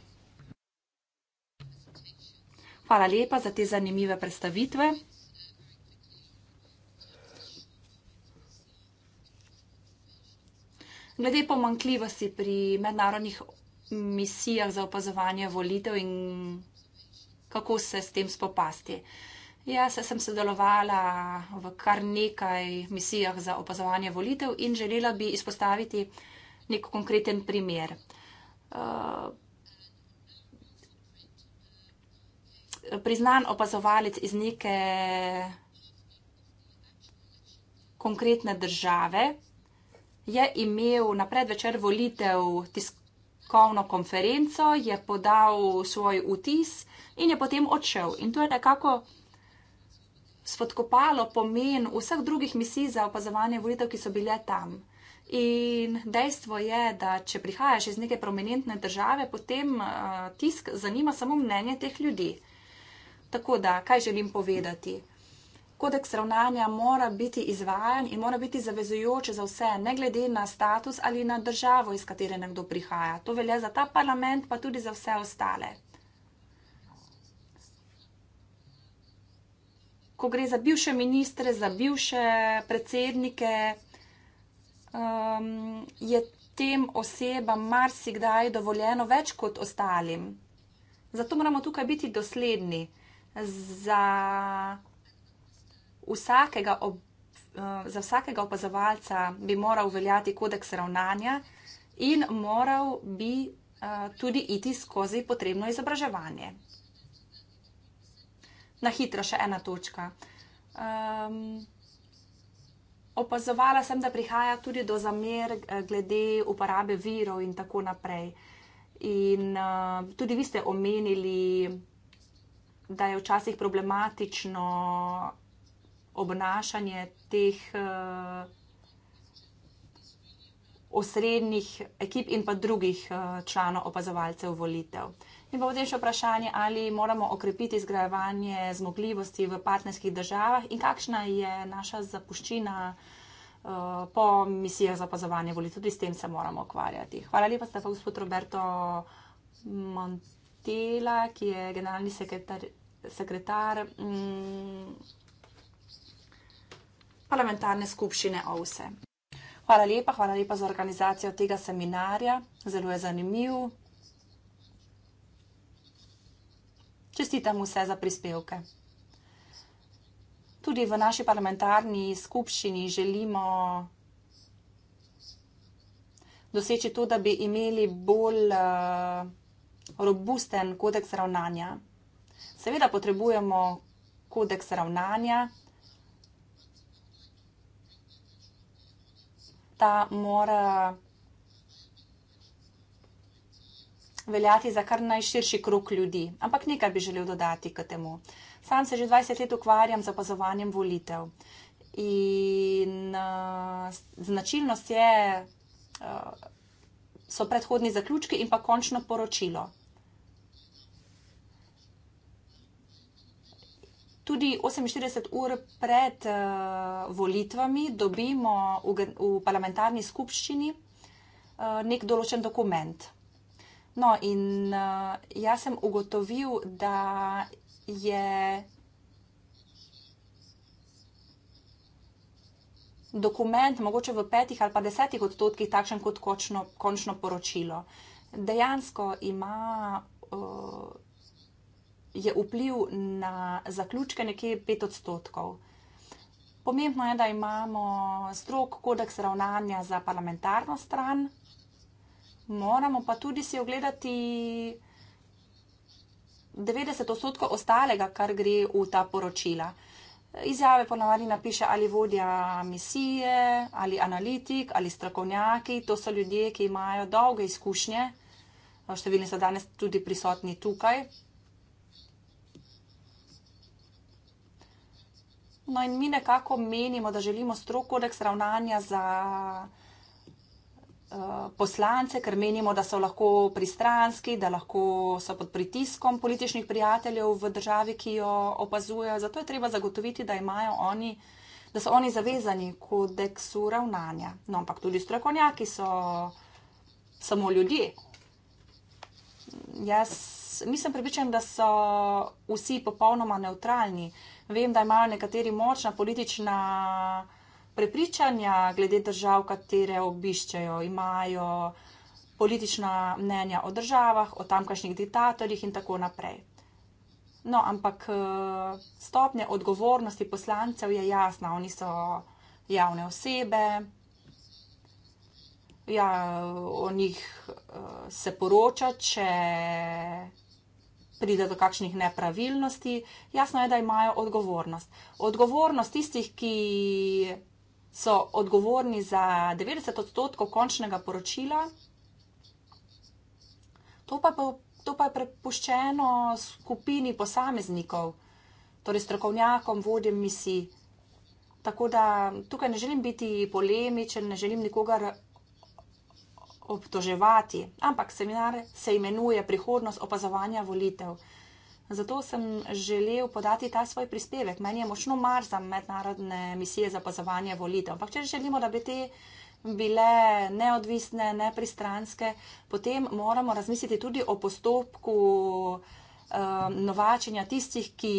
Speaker 1: Hvala lepa za te zanimive predstavitve. Glede pomankljivosti pri mednarodnih misijah za opazovanje volitev in kako se s tem spopasti. Jaz sem sodelovala v kar nekaj misijah za opazovanje volitev in želela bi izpostaviti nek konkreten primer. Eh, priznan opazovalec iz neke konkretne države, je imel na predvečer volitev tiskovno konferenco, je podal svoj vtis in je potem odšel. In to je nekako spodkopalo pomen vseh drugih misij za opazovanje volitev, ki so bile tam. In dejstvo je, da če prihajaš iz neke prominentne države, potem uh, tisk zanima samo mnenje teh ljudi. Tako da, kaj želim povedati? Kodeks ravnanja mora biti izvajan in mora biti zavezujoče za vse, ne glede na status ali na državo, iz katere nekdo prihaja. To velja za ta parlament, pa tudi za vse ostale. Ko gre za bivše ministre, za bivše predsednike, um, je tem osebam marsikdaj dovoljeno več kot ostalim. Zato moramo tukaj biti dosledni. Za vsakega ob, uh, za vsakega opazovalca bi moral veljati kodeks ravnanja in moral bi uh, tudi iti skozi potrebno izobraževanje. Na hitro še ena točka. Um, opazovala sem, da prihaja tudi do zamer eh, glede uporabe virov in tako naprej. In uh, tudi vi ste omenili, da je včasih problematično obnašanje teh uh, osrednjih ekip in pa drugih uh, članov opazovalcev volitev. In pa potem še vprašanje, ali moramo okrepiti izgrajevanje zmogljivosti v partnerskih državah in kakšna je naša zapuščina uh, po misijah za opazovanje volitev. Tudi s tem se moramo ukvarjati. Hvala lepa, ste pa gospod Roberto Montela, ki je generalni sekretar. sekretar mm, parlamentarne skupščine OVSE. Hvala lepa, hvala lepa za organizacijo tega seminarja, zelo je zanimiv. Čestitam vse za prispevke. Tudi v naši parlamentarni skupščini želimo doseči to, da bi imeli bolj eh, robusten kodeks ravnanja. Seveda potrebujemo kodeks ravnanja. ta mora veljati za kar najširši krok ljudi. Ampak nekaj bi želel dodati k temu. Sam se že 20 let ukvarjam z opazovanjem volitev. In uh, značilnost je, uh, so predhodni zaključki in pa končno poročilo. Tudi 48 ur pred uh, volitvami dobimo v, v parlamentarni skupščini uh, nek določen dokument. No, in uh, jaz sem ugotovil, da je dokument mogoče v petih ali pa desetih odstotkih takšen kot kočno, končno poročilo. Dejansko ima. Uh, je vpliv na zaključke nekje 5 odstotkov. Pomembno je, da imamo strok kodeks ravnanja za parlamentarno stran, moramo pa tudi si ogledati 90 odstotkov ostalega, kar gre v ta poročila. Izjave ponovadi napiše ali vodja misije, ali analitik, ali strokovnjaki. To so ljudje, ki imajo dolge izkušnje, številni so danes tudi prisotni tukaj. No, in mi nekako menimo, da želimo strok kodeks ravnanja za uh, poslance, ker menimo, da so lahko pristranski, da lahko so pod pritiskom političnih prijateljev v državi, ki jo opazujejo. Zato je treba zagotoviti, da imajo oni. Da so oni zavezani kodeksu ravnanja. No, ampak tudi strokovnjaki so samo ljudje. Jaz nisem pripričan, da so vsi popolnoma neutralni. Uh, Vem, da imajo nekateri močna politična prepričanja glede držav, katere obiščajo, imajo politična mnenja o državah, o tamkajšnjih diktatorjih in tako naprej. No, ampak eh, stopnje odgovornosti poslancev je jasna, oni so javne osebe, ja, o njih eh, se poroča, če pride do kakšnih nepravilnosti, jasno je, da imajo odgovornost. Odgovornost tistih, ki so odgovorni za 90 odstotkov končnega poročila, to pa, to pa je prepuščeno skupini posameznikov, torej strokovnjakom, vodjem misij. Tako da tukaj ne želim biti polemičen, ne želim nikogar obtoževati, ampak seminar se imenuje Prihodnost opazovanja volitev. Zato sem želel podati ta svoj prispevek. Meni je močno mar za mednarodne misije za opazovanje volitev. Ampak če želimo, da bi te bile neodvisne, nepristranske, potem moramo razmisliti tudi o postopku eh, novačenja tistih, ki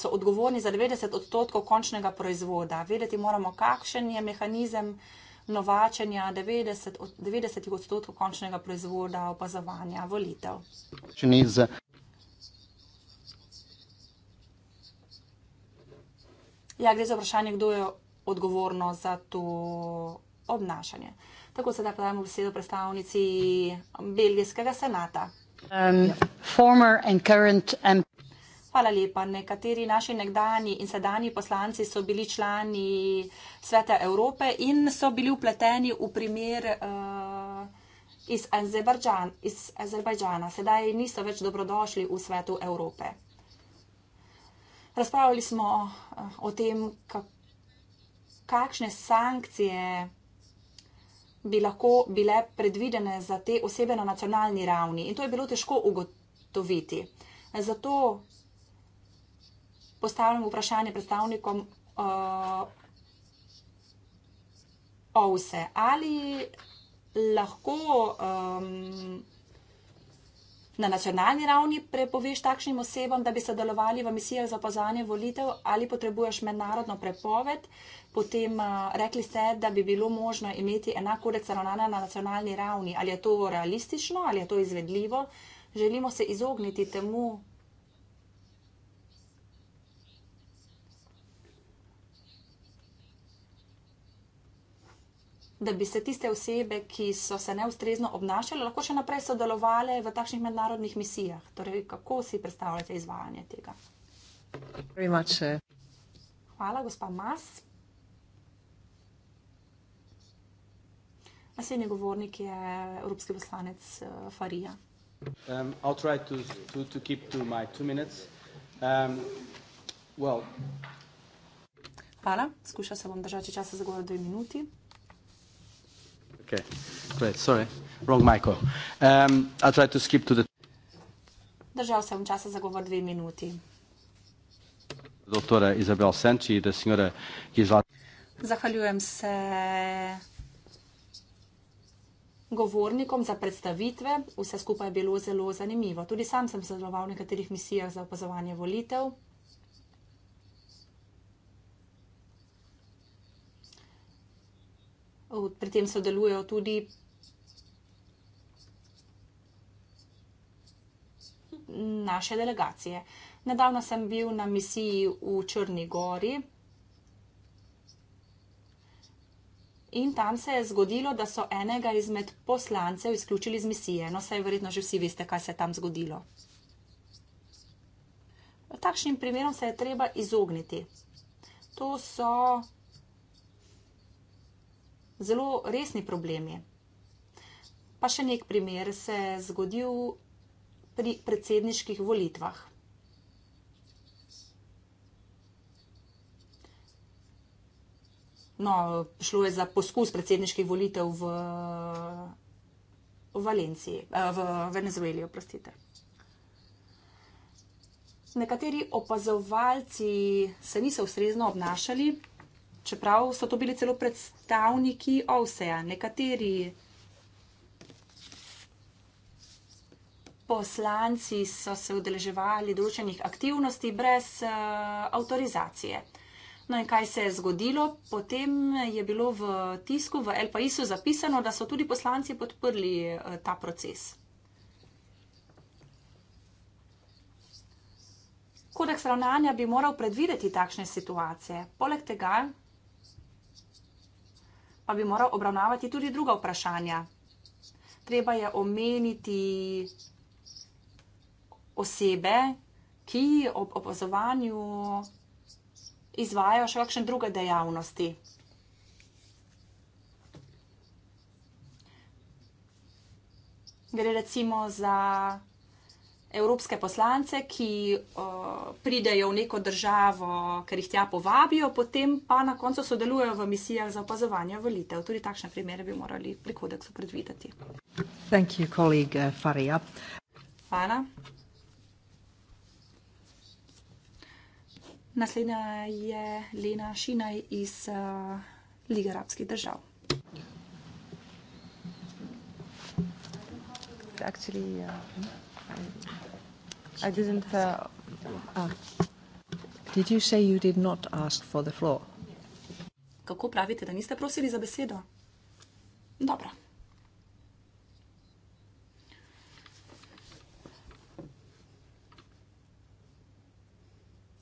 Speaker 1: so odgovorni za 90 odstotkov končnega proizvoda. Vedeti moramo, kakšen je mehanizem eh, novačenja 90, 90 odstotkov končnega proizvoda, opazovanja, volitev. Ja, gre za vprašanje, kdo je odgovorno za to obnašanje. Tako sedaj pa dajmo besedo predstavnici Belgijskega senata. Um, former and current MP. Hvala lepa. Nekateri naši nekdani in sedani poslanci so bili člani Sveta Evrope in so bili upleteni v primer uh, iz, Azerbajdžan, iz Azerbajdžana. Sedaj niso več dobrodošli v Svetu Evrope. Razpravljali smo uh, o tem, ka, kakšne sankcije bi lahko bile predvidene za te osebe na nacionalni ravni. In to je bilo težko ugotoviti. Zato postavljam vprašanje predstavnikom uh, eh, OVSE. Ali lahko um, na nacionalni ravni prepoveš takšnim osebam, da bi sodelovali v misijah za opazovanje volitev, ali potrebuješ mednarodno prepoved? Potem uh, rekli ste, da bi bilo možno imeti enako recenovanje na nacionalni ravni. Ali je to realistično, ali je to izvedljivo? Želimo se izogniti temu, da bi se tiste osebe, ki so se neustrezno obnašale, lahko še naprej sodelovali v takšnih mednarodnih misijah. Torej, kako si predstavljate izvajanje tega?
Speaker 2: Eh.
Speaker 1: Hvala, gospa Mas. Naslednji govornik je evropski poslanec eh, Farija.
Speaker 2: Um, um
Speaker 1: Hvala, skušal sem vam držati čas za govor dve minuti.
Speaker 2: Okay, great. Sorry, wrong micro. Um, I'll try to skip to the.
Speaker 1: Držal sem časa za govor dve minuti.
Speaker 2: Doktora Izabel Senči, da senjora Gizla.
Speaker 1: Zahvaljujem se govornikom za predstavitve. Vse skupaj je bilo zelo zanimivo. Tudi sam sem sodeloval v nekaterih misijah za opazovanje volitev. pri tem sodelujejo tudi naše delegacije. Nedavno sem bil na misiji v Črni Gori in tam se je zgodilo, da so enega izmed poslancev izključili z misije. No, saj verjetno že vsi veste, kaj se je tam zgodilo. Takšnim primerom se je treba izogniti. To so zelo resni problemi. Pa še nek primer se je zgodil pri predsedniških volitvah. No, šlo je za poskus predsedniških volitev v, v Valenciji, eh, v Venezueli, oprostite. Nekateri opazovalci se niso ustrezno obnašali, čeprav so to bili celo predstavniki OVSEA, nekateri poslanci so se udeleževali določenih aktivnosti brez uh, avtorizacije. No in kaj se je zgodilo? Potem je bilo v tisku, v LPI-su zapisano, da so tudi poslanci podprli eh, ta proces. Kodeks ravnanja bi moral predvideti takšne situacije. Poleg tega pa bi moral obravnavati tudi druga vprašanja. Treba je omeniti osebe, ki ob opazovanju izvajajo še kakšne druge dejavnosti. Gre recimo za evropske poslance, ki o, pridejo v neko državo, ker jih tja povabijo, potem pa na koncu sodelujejo v misijah za opazovanje volitev. Tudi takšne primere bi morali pri kodeksu predvideti.
Speaker 2: You, colleague, uh, Hvala, kolega Farija.
Speaker 1: Naslednja je Lena Šinaj iz uh, Lige arabskih držav. Actually, uh, mm -hmm. I didn't. Uh, ah. Did you say you did not ask for the floor? Kako pravite, da niste prosili za besedo? Dobro.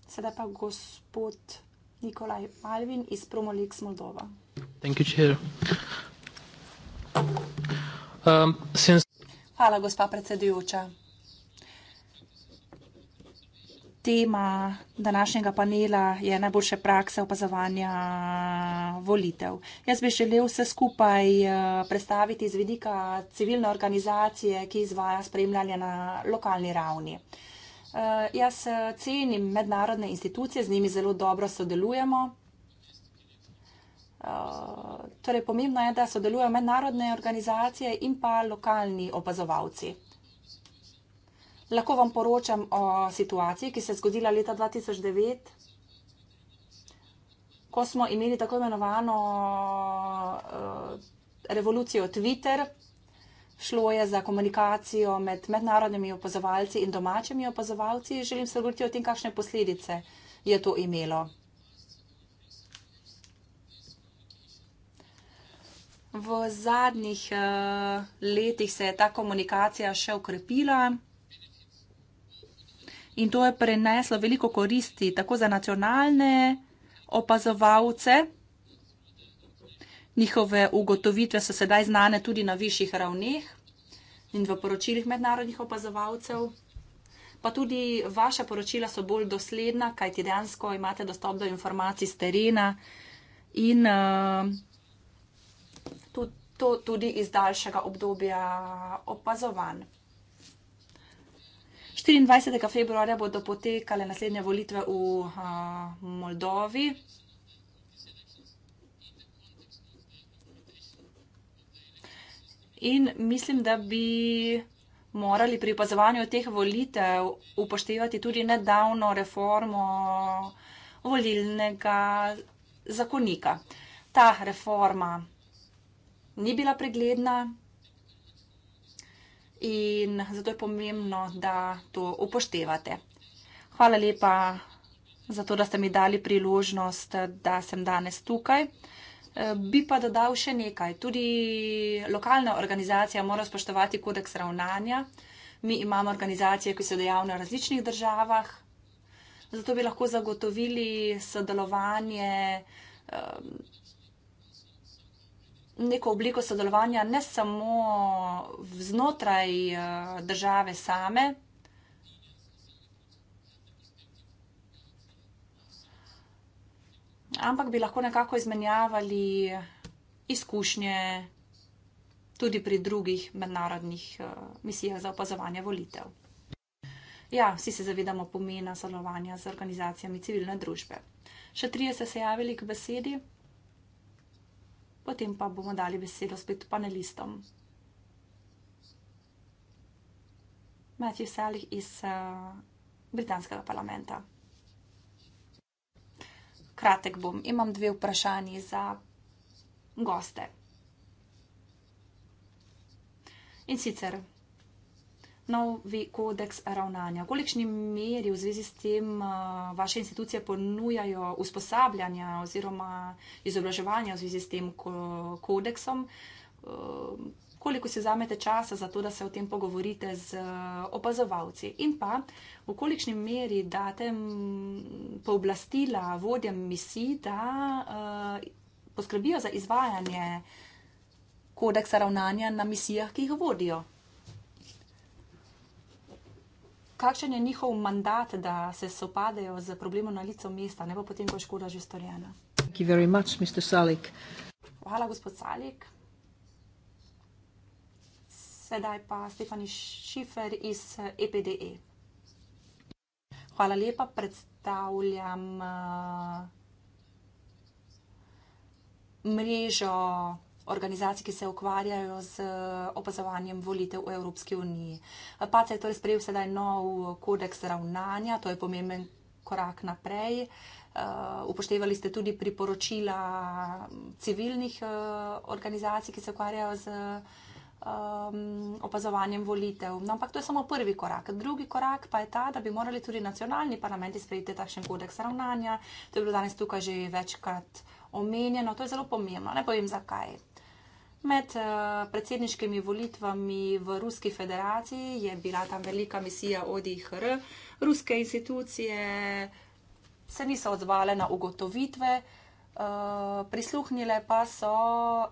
Speaker 1: Sedaj pa gospod Nikolaj Malvin iz Promolix Moldova. Thank you, chair. Um, since... Hvala, gospa predsedujoča tema današnjega panela je najboljše prakse opazovanja volitev. Jaz bi želel vse skupaj eh, predstaviti z vidika civilne organizacije, ki izvaja spremljanje na lokalni ravni. Eh, jaz eh, cenim mednarodne institucije, z njimi zelo dobro sodelujemo. Torej, pomembno je, da sodelujejo mednarodne organizacije in pa lokalni opazovalci. Lahko vam poročam o situaciji, ki se je zgodila leta 2009, ko smo imeli tako imenovano eh, revolucijo Twitter. Šlo je za komunikacijo med mednarodnimi opazovalci in domačimi opazovalci. Želim se govoriti o tem, kakšne posledice je to imelo. V zadnjih eh, letih se je ta komunikacija še ukrepila in to je preneslo veliko koristi tako za nacionalne opazovalce. Njihove ugotovitve so sedaj znane tudi na višjih ravneh in v poročilih mednarodnih opazovalcev. Pa tudi vaše poročila so bolj dosledna, kajti dejansko imate dostop do informacij z terena in uh, eh, to, to tudi iz daljšega obdobja opazovanj. 24. februarja bodo potekale naslednje volitve v uh, Moldovi. In mislim, da bi morali pri opazovanju teh volitev upoštevati tudi nedavno reformo volilnega zakonika. Ta reforma ni bila pregledna, in zato je pomembno, da to upoštevate. Hvala lepa za to, da ste mi dali priložnost, da sem danes tukaj. Bi pa dodal še nekaj. Tudi lokalna organizacija mora spoštovati kodeks ravnanja. Mi imamo organizacije, ki so dejavne v različnih državah. Zato bi lahko zagotovili sodelovanje. Um, neko obliko sodelovanja ne samo znotraj eh, države same, ampak bi lahko nekako izmenjavali izkušnje tudi pri drugih mednarodnih eh, misijah za opazovanje volitev. Ja, vsi se zavedamo pomena sodelovanja z organizacijami civilne družbe. Še trije ste se javili k besedi potem pa bomo dali besedo spet panelistom. Matthew Salih iz uh, Britanskega parlamenta. Kratek bom, imam dve vprašanji za goste. In sicer, novi kodeks ravnanja. Kolikšni meri v zvezi s tem uh, vaše institucije ponujajo usposabljanja oziroma izobraževanja v zvezi s tem kodeksom? Um, koliko si zamete časa za to, da se o tem pogovorite z uh, opazovalci? In pa, v kolikšni meri date pooblastila vodjem misij, da uh, poskrbijo za izvajanje kodeksa ravnanja na misijah, ki jih vodijo? kakšen je njihov mandat, da se sopadajo z problemom na licu mesta, ne pa potem, ko je škoda že storjena.
Speaker 2: Much,
Speaker 1: Hvala, gospod Salik. Sedaj pa Stefani Šifer iz EPDE. E. Hvala lepa, predstavljam uh, mrežo organizacij, ki se ukvarjajo z eh, opazovanjem volitev v Evropski uniji. PAC je torej sprejel sedaj nov kodeks ravnanja, to je pomemben korak naprej. Eh, upoštevali ste tudi priporočila civilnih eh, organizacij, ki se ukvarjajo z ehm, opazovanjem volitev. No, ampak to je samo prvi korak. Drugi korak pa je ta, da bi morali tudi nacionalni parlamenti sprejeti takšen kodeks ravnanja. To je bilo danes tukaj že večkrat omenjeno. To je zelo pomembno. Ne povem zakaj. Med eh, predsedniškimi volitvami v Ruski federaciji je bila tam velika misija ODIHR. Ruske institucije se niso odzvale na ugotovitve, eh, prisluhnile pa so,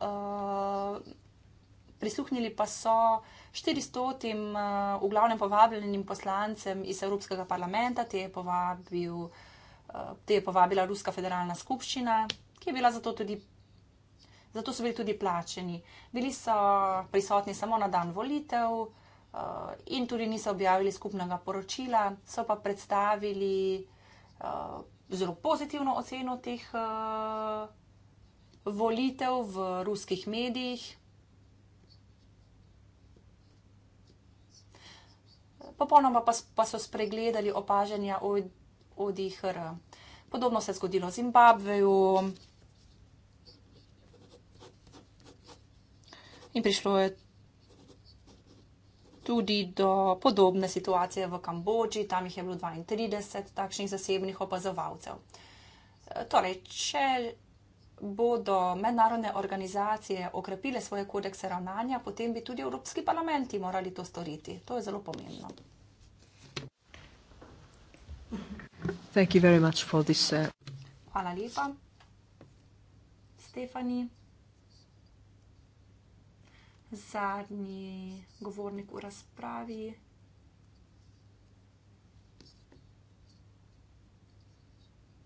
Speaker 1: eh, prisluhnili pa so 400 v glavnem povabljenim poslancem iz Evropskega parlamenta, te je, povabil, te je povabila Ruska federalna skupščina, ki je bila zato tudi zato so bili tudi plačeni. Bili so prisotni samo na dan volitev eh, in tudi niso objavili skupnega poročila, so pa predstavili eh, zelo pozitivno oceno teh eh, volitev v ruskih medijih. Popolnoma pa, pa so spregledali opaženja ODHR. Podobno se je zgodilo v Zimbabveju, in prišlo je tudi do podobne situacije v Kambodži, tam jih je bilo 32 takšnih zasebnih opazovalcev. E, torej, če bodo mednarodne organizacije okrepile svoje kodekse ravnanja, potem bi tudi Evropski parlamenti morali to storiti. To je zelo pomembno.
Speaker 2: Uh,
Speaker 1: Hvala lepa, Stefani zadnji govornik v razpravi.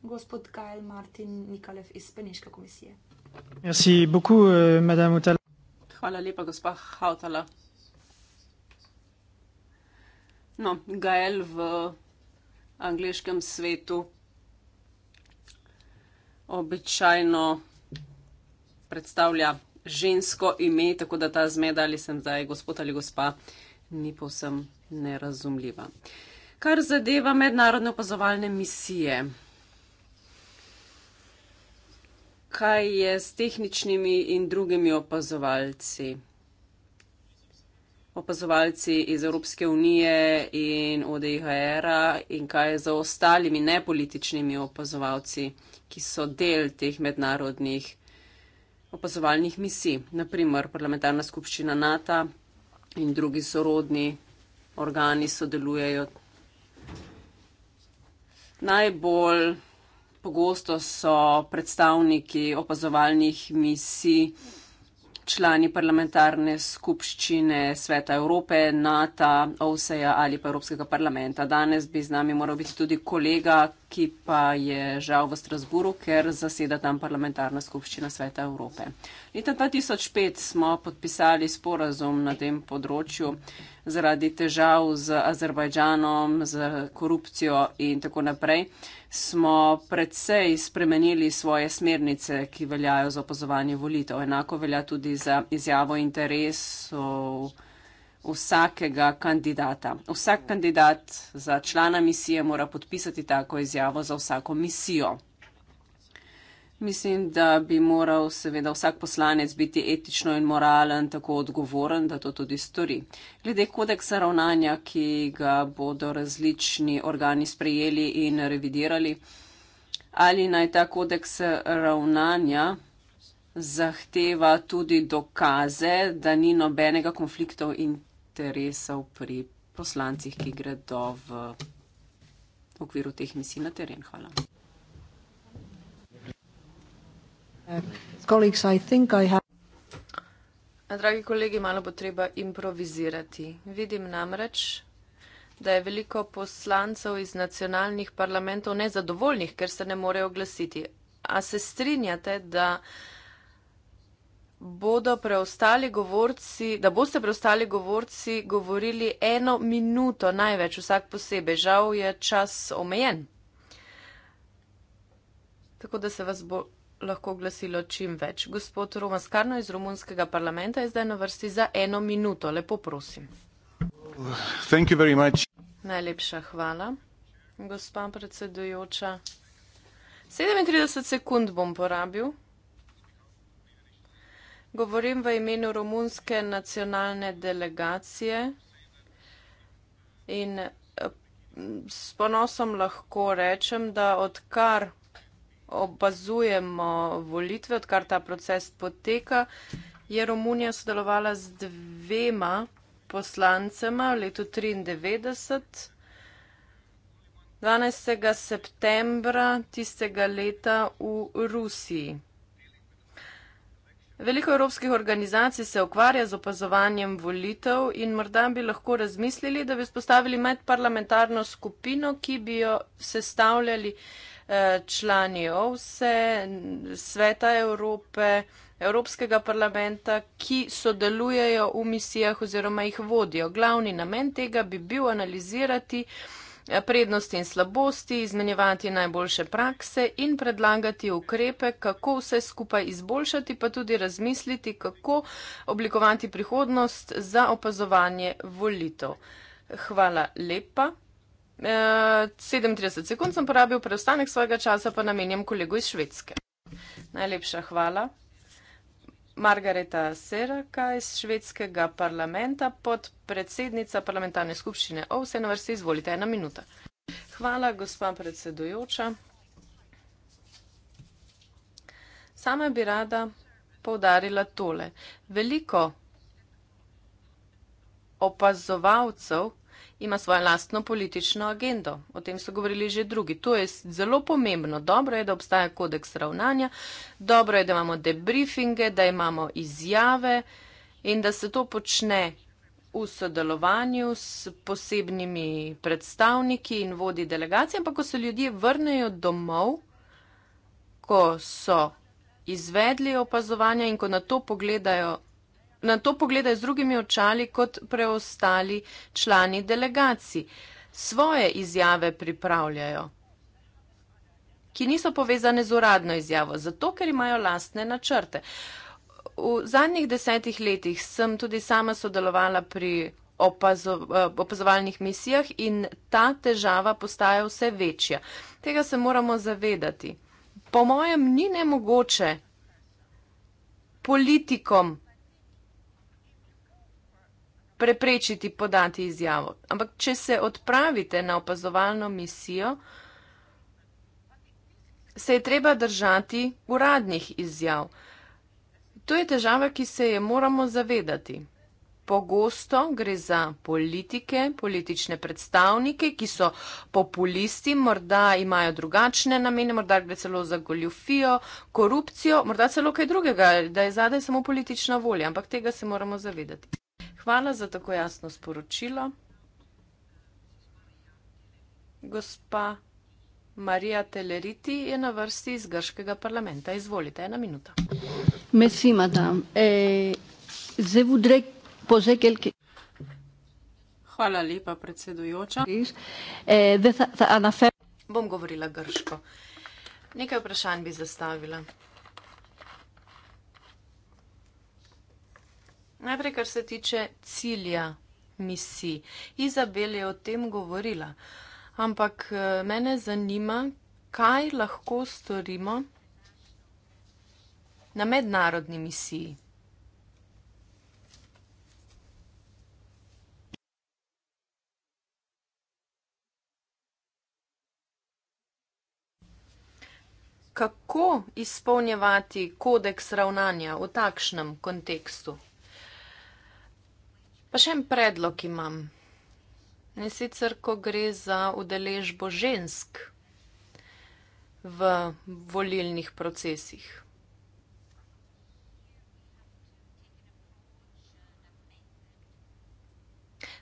Speaker 1: Gospod Gajl Martin
Speaker 2: Nikalev iz Peniške komisije. Merci beaucoup, euh, madame Hotel. Hvala lepa, gospa Hautala. No, Gael v angliškem svetu običajno predstavlja žensko ime, tako da ta zmeda ali sem zdaj gospod ali gospa ni povsem nerazumljiva. Kar zadeva mednarodne opazovalne misije. Kaj je s tehničnimi in drugimi opazovalci? Opazovalci iz Evropske unije in ODIHR-a in kaj je za ostalimi nepolitičnimi opazovalci, ki so del teh mednarodnih opazovalnih misij, naprimer parlamentarna skupščina NATO in drugi sorodni organi sodelujejo. Najbolj pogosto so predstavniki opazovalnih misij člani parlamentarne skupščine Sveta Evrope, NATO, OSEA ali pa Evropskega parlamenta. Danes bi z nami moral biti tudi kolega ki pa je žal v Strasburu, ker zaseda tam parlamentarna skupščina Sveta Evrope. Leta 2005 smo podpisali sporazum na tem področju zaradi težav z Azerbajdžanom, z korupcijo in tako naprej. Smo predvsej spremenili svoje smernice, ki veljajo za opazovanje volitev. Enako velja tudi za izjavo interesov vsakega kandidata. Vsak kandidat za člana misije mora podpisati tako izjavo za vsako misijo. Mislim, da bi moral seveda vsak poslanec biti etično in moralen tako odgovoren, da to tudi stori. Glede kodeksa ravnanja, ki ga bodo različni organi sprejeli in revidirali, ali naj ta kodeks ravnanja zahteva tudi dokaze, da ni nobenega konfliktov interesov interesov pri poslancih, ki gredo v okviru teh misij na teren. Hvala. Dragi
Speaker 3: kolegi, malo bo treba improvizirati. Vidim namreč, da je veliko poslancev iz nacionalnih parlamentov nezadovoljnih, ker se ne morejo oglasiti. A se strinjate, da bodo preostali govorci, da boste preostali govorci govorili eno minuto največ vsak posebej. Žal je čas omejen. Tako da se vas bo lahko glasilo čim več. Gospod Romas Karno iz Romunskega parlamenta je zdaj na vrsti za eno minuto. Lepo prosim. Najlepša hvala, gospa predsedujoča. 37 sekund bom porabil. Govorim v imenu romunske nacionalne delegacije in eh, s ponosom lahko rečem, da odkar opazujemo volitve, odkar ta proces poteka, je Romunija sodelovala z dvema poslancema v letu 1993. 12. septembra tistega leta v Rusiji. Veliko evropskih organizacij se ukvarja z opazovanjem volitev in morda bi lahko razmislili, da bi spostavili medparlamentarno skupino, ki bi jo sestavljali eh, člani OVSE, Sveta Evrope, Evropskega parlamenta, ki sodelujejo v misijah oziroma jih vodijo. Glavni namen tega bi bil analizirati prednosti in slabosti, izmenjevati najboljše prakse in predlagati ukrepe, kako vse skupaj izboljšati, pa tudi razmisliti, kako oblikovati prihodnost za opazovanje volitev. Hvala lepa. 37 eh, sekund sem porabil, preostanek svojega časa pa namenjam kolegu iz Švedske. Najlepša hvala. Margareta Seraka iz švedskega parlamenta, podpredsednica parlamentarne skupščine. O, vse na vrsti, izvolite, ena minuta. Hvala, gospa predsedujoča. Sama bi rada povdarila tole. Veliko opazovalcev ima svojo lastno politično agendo. O tem so govorili že drugi. To je zelo pomembno. Dobro je, da obstaja kodeks ravnanja, dobro je, da imamo debriefinge, da imamo izjave in da se to počne v sodelovanju s posebnimi predstavniki in vodi delegacije, ampak ko se ljudje vrnejo domov, ko so izvedli opazovanja in ko na to pogledajo na to pogledajo z drugimi očali kot preostali člani delegacij. Svoje izjave pripravljajo, ki niso povezane z uradno izjavo, zato ker imajo lastne načrte. V zadnjih desetih letih sem tudi sama sodelovala pri opazo, opazovalnih misijah in ta težava postaja vse večja. Tega se moramo zavedati. Po mojem, ni nemogoče politikom preprečiti podati izjavo. Ampak, če se odpravite na opazovalno misijo, se je treba držati uradnih izjav. To je težava, ki se je moramo zavedati. Pogosto gre za politike, politične predstavnike, ki so populisti, morda imajo drugačne namene, morda gre celo za goljufijo, korupcijo, morda celo kaj drugega, da je zadaj samo politična volja, ampak tega se moramo zavedati. Hvala za tako jasno sporočilo. Gospa Marija Teleriti je na vrsti iz grškega parlamenta. Izvolite, ena minuta.
Speaker 2: Merci, madame. Eh, je vudre poze kelke.
Speaker 3: Hvala lepa, predsedujoča. Eh, bom govorila grško. Nekaj vprašanj bi zastavila. Najprej, kar se tiče cilja misij. Izabel je o tem govorila, ampak eh, mene zanima, kaj lahko storimo na mednarodni misiji. Kako izpolnjevati kodeks ravnanja v takšnem kontekstu? Pa še en predlog imam. In sicer, ko gre za udeležbo žensk v volilnih procesih.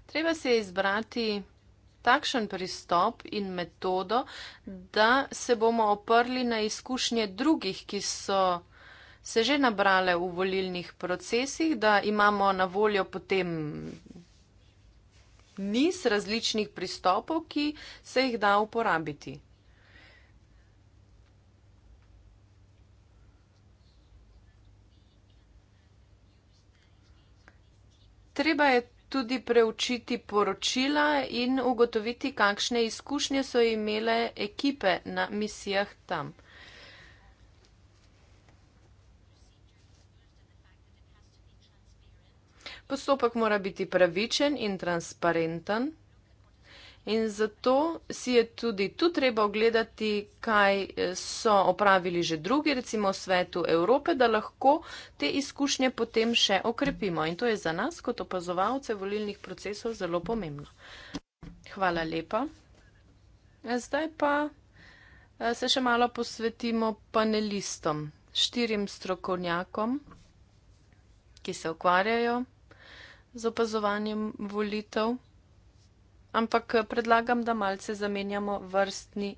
Speaker 3: Treba se je izbrati takšen pristop in metodo, da se bomo oprli na izkušnje drugih, ki so se že nabrale v volilnih procesih, da imamo na voljo potem niz različnih pristopov, ki se jih da uporabiti. Treba je tudi preučiti poročila in ugotoviti, kakšne izkušnje so imele ekipe na misijah tam. Postopek mora biti pravičen in transparenten. In zato si je tudi tu treba ogledati, kaj eh, so opravili že drugi, recimo v svetu Evrope, da lahko te izkušnje potem še okrepimo. In to je za nas, kot opazovalce volilnih procesov, zelo pomembno. Hvala lepa. Zdaj pa eh, se še malo posvetimo panelistom, štirim strokovnjakom, ki se ukvarjajo z opazovanjem volitev, ampak eh, predlagam, da malce zamenjamo vrstni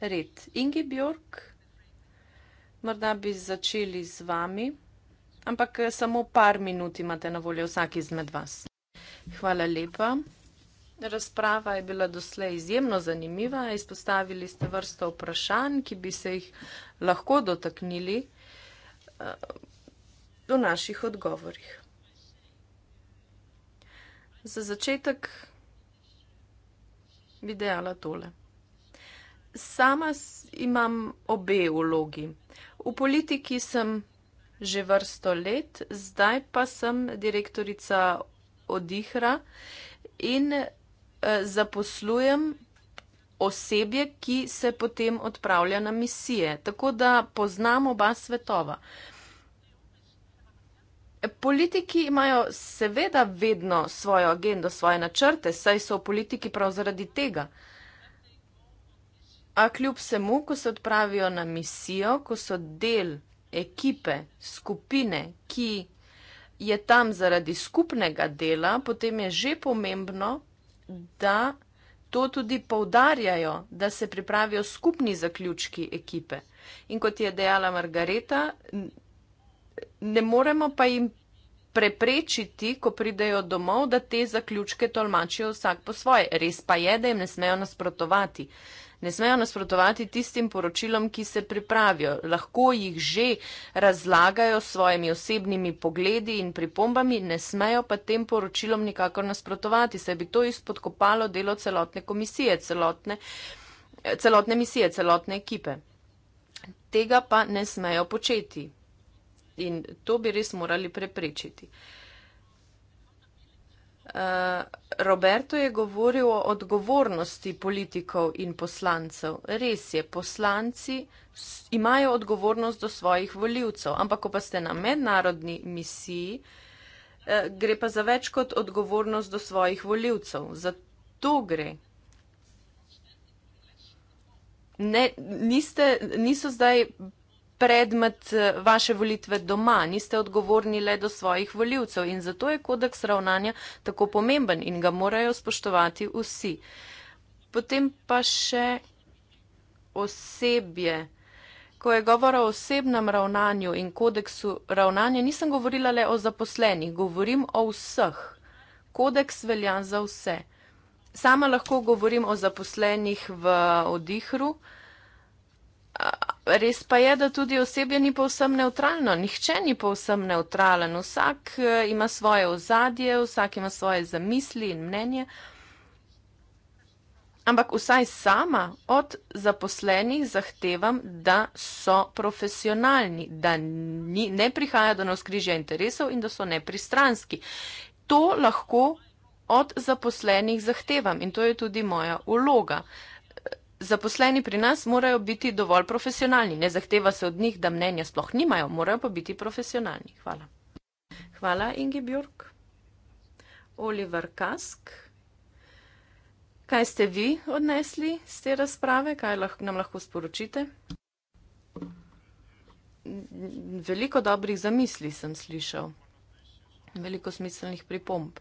Speaker 3: red. Ingi Bjork, morda bi začeli z vami, ampak eh, samo par minut imate na voljo vsak izmed vas. Hvala lepa. Razprava je bila doslej izjemno zanimiva, izpostavili ste vrsto vprašanj, ki bi se jih lahko dotaknili uh, v naših odgovorih za začetek bi dejala tole. Sama imam obe vlogi. V politiki sem že vrsto let, zdaj pa sem direktorica Odihra in eh, zaposlujem osebje, ki se potem odpravlja na misije. Tako da poznam oba svetova. Eh, Politiki imajo seveda vedno svojo agendo, svoje načrte, saj so v politiki prav zaradi tega. A kljub vsemu, ko se odpravijo na misijo, ko so del ekipe, skupine, ki je tam zaradi skupnega dela, potem je že pomembno, da to tudi povdarjajo, da se pripravijo skupni zaključki ekipe. In kot je dejala Margareta, ne moremo pa jim preprečiti, ko pridejo domov, da te zaključke tolmačijo vsak po svoje. Res pa je, da jim ne smejo nasprotovati. Ne smejo nasprotovati tistim poročilom, ki se pripravijo. Lahko jih že razlagajo s svojimi osebnimi pogledi in pripombami, ne smejo pa tem poročilom nikakor nasprotovati, saj bi to izpodkopalo delo celotne komisije, celotne, celotne misije, celotne ekipe. Tega pa ne smejo početi. In to bi res morali preprečiti. Eh, Roberto je govoril o odgovornosti politikov in poslancev. Res je, poslanci imajo odgovornost do svojih voljivcev, ampak ko pa ste na mednarodni misiji, eh, gre pa za več kot odgovornost do svojih voljivcev. Za to gre. Ne, niste, niso zdaj predmet eh, vaše volitve doma, niste odgovorni le do svojih voljivcev in zato je kodeks ravnanja tako pomemben in ga morajo spoštovati vsi. Potem pa še osebje. Ko je govora o osebnem ravnanju in kodeksu ravnanja, nisem govorila le o zaposlenih, govorim o vseh. Kodeks velja za vse. Sama lahko govorim o zaposlenih v odihru, Res pa je, da tudi osebje ni povsem neutralno, nihče ni povsem neutralen, vsak e, ima svoje ozadje, vsak ima svoje zamisli in mnenje. Ampak vsaj sama od zaposlenih zahtevam, da so profesionalni, da ni, ne prihaja do navskrižja interesov in da so nepristranski. To lahko od zaposlenih zahtevam in to je tudi moja uloga. Uh, Zaposleni pri nas morajo biti dovolj profesionalni. Ne zahteva se od njih, da mnenja sploh nimajo, morajo pa biti profesionalni. Hvala. Hvala, Ingi Bjork. Oliver Kask. Kaj ste vi odnesli z te razprave? Kaj lahko, nam lahko sporočite? Veliko dobrih zamisli sem slišal. Veliko smiselnih pripomb.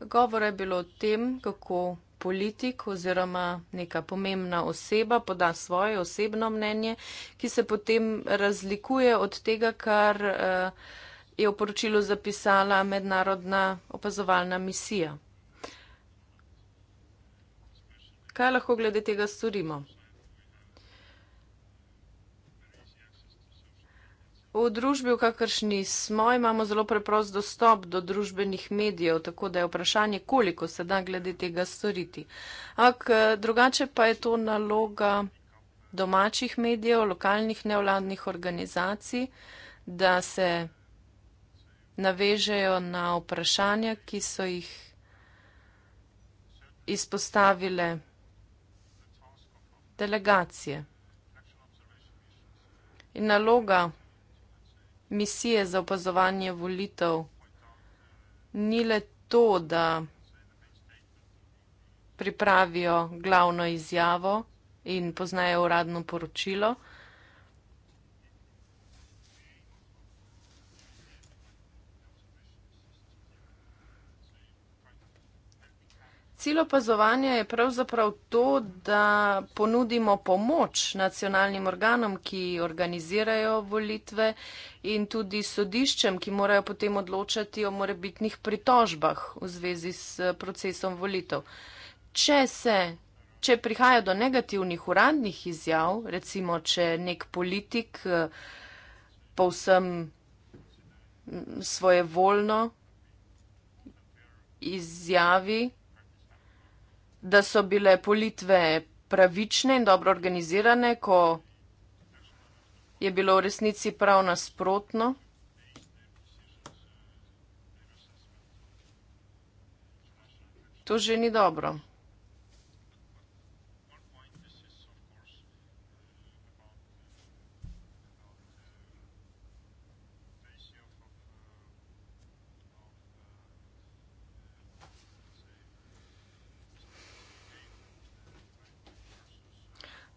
Speaker 3: Govora je bilo o tem, kako politik oziroma neka pomembna oseba poda svoje osebno mnenje, ki se potem razlikuje od tega, kar eh, je v poročilu zapisala mednarodna opazovalna misija. Kaj lahko glede tega storimo? V družbi, v kakršni smo, imamo zelo preprost dostop do družbenih medijev, tako da je vprašanje, koliko se da glede tega storiti. Ak, drugače pa je to naloga domačih medijev, lokalnih nevladnih organizacij, da se navežejo na vprašanja, ki so jih izpostavile delegacije. In naloga misije za opazovanje volitev ni le to, da pripravijo glavno izjavo in poznajo uradno poročilo, Cilj opazovanja je pravzaprav to, da ponudimo pomoč nacionalnim organom, ki organizirajo volitve in tudi sodiščem, ki morajo potem odločati o morebitnih pritožbah v zvezi s procesom volitev. Če se, če prihaja do negativnih uradnih izjav, recimo, če nek politik eh, povsem mm, svoje voljno izjavi, da so bile politve pravične in dobro organizirane, ko je bilo v resnici prav nasprotno. To že ni dobro.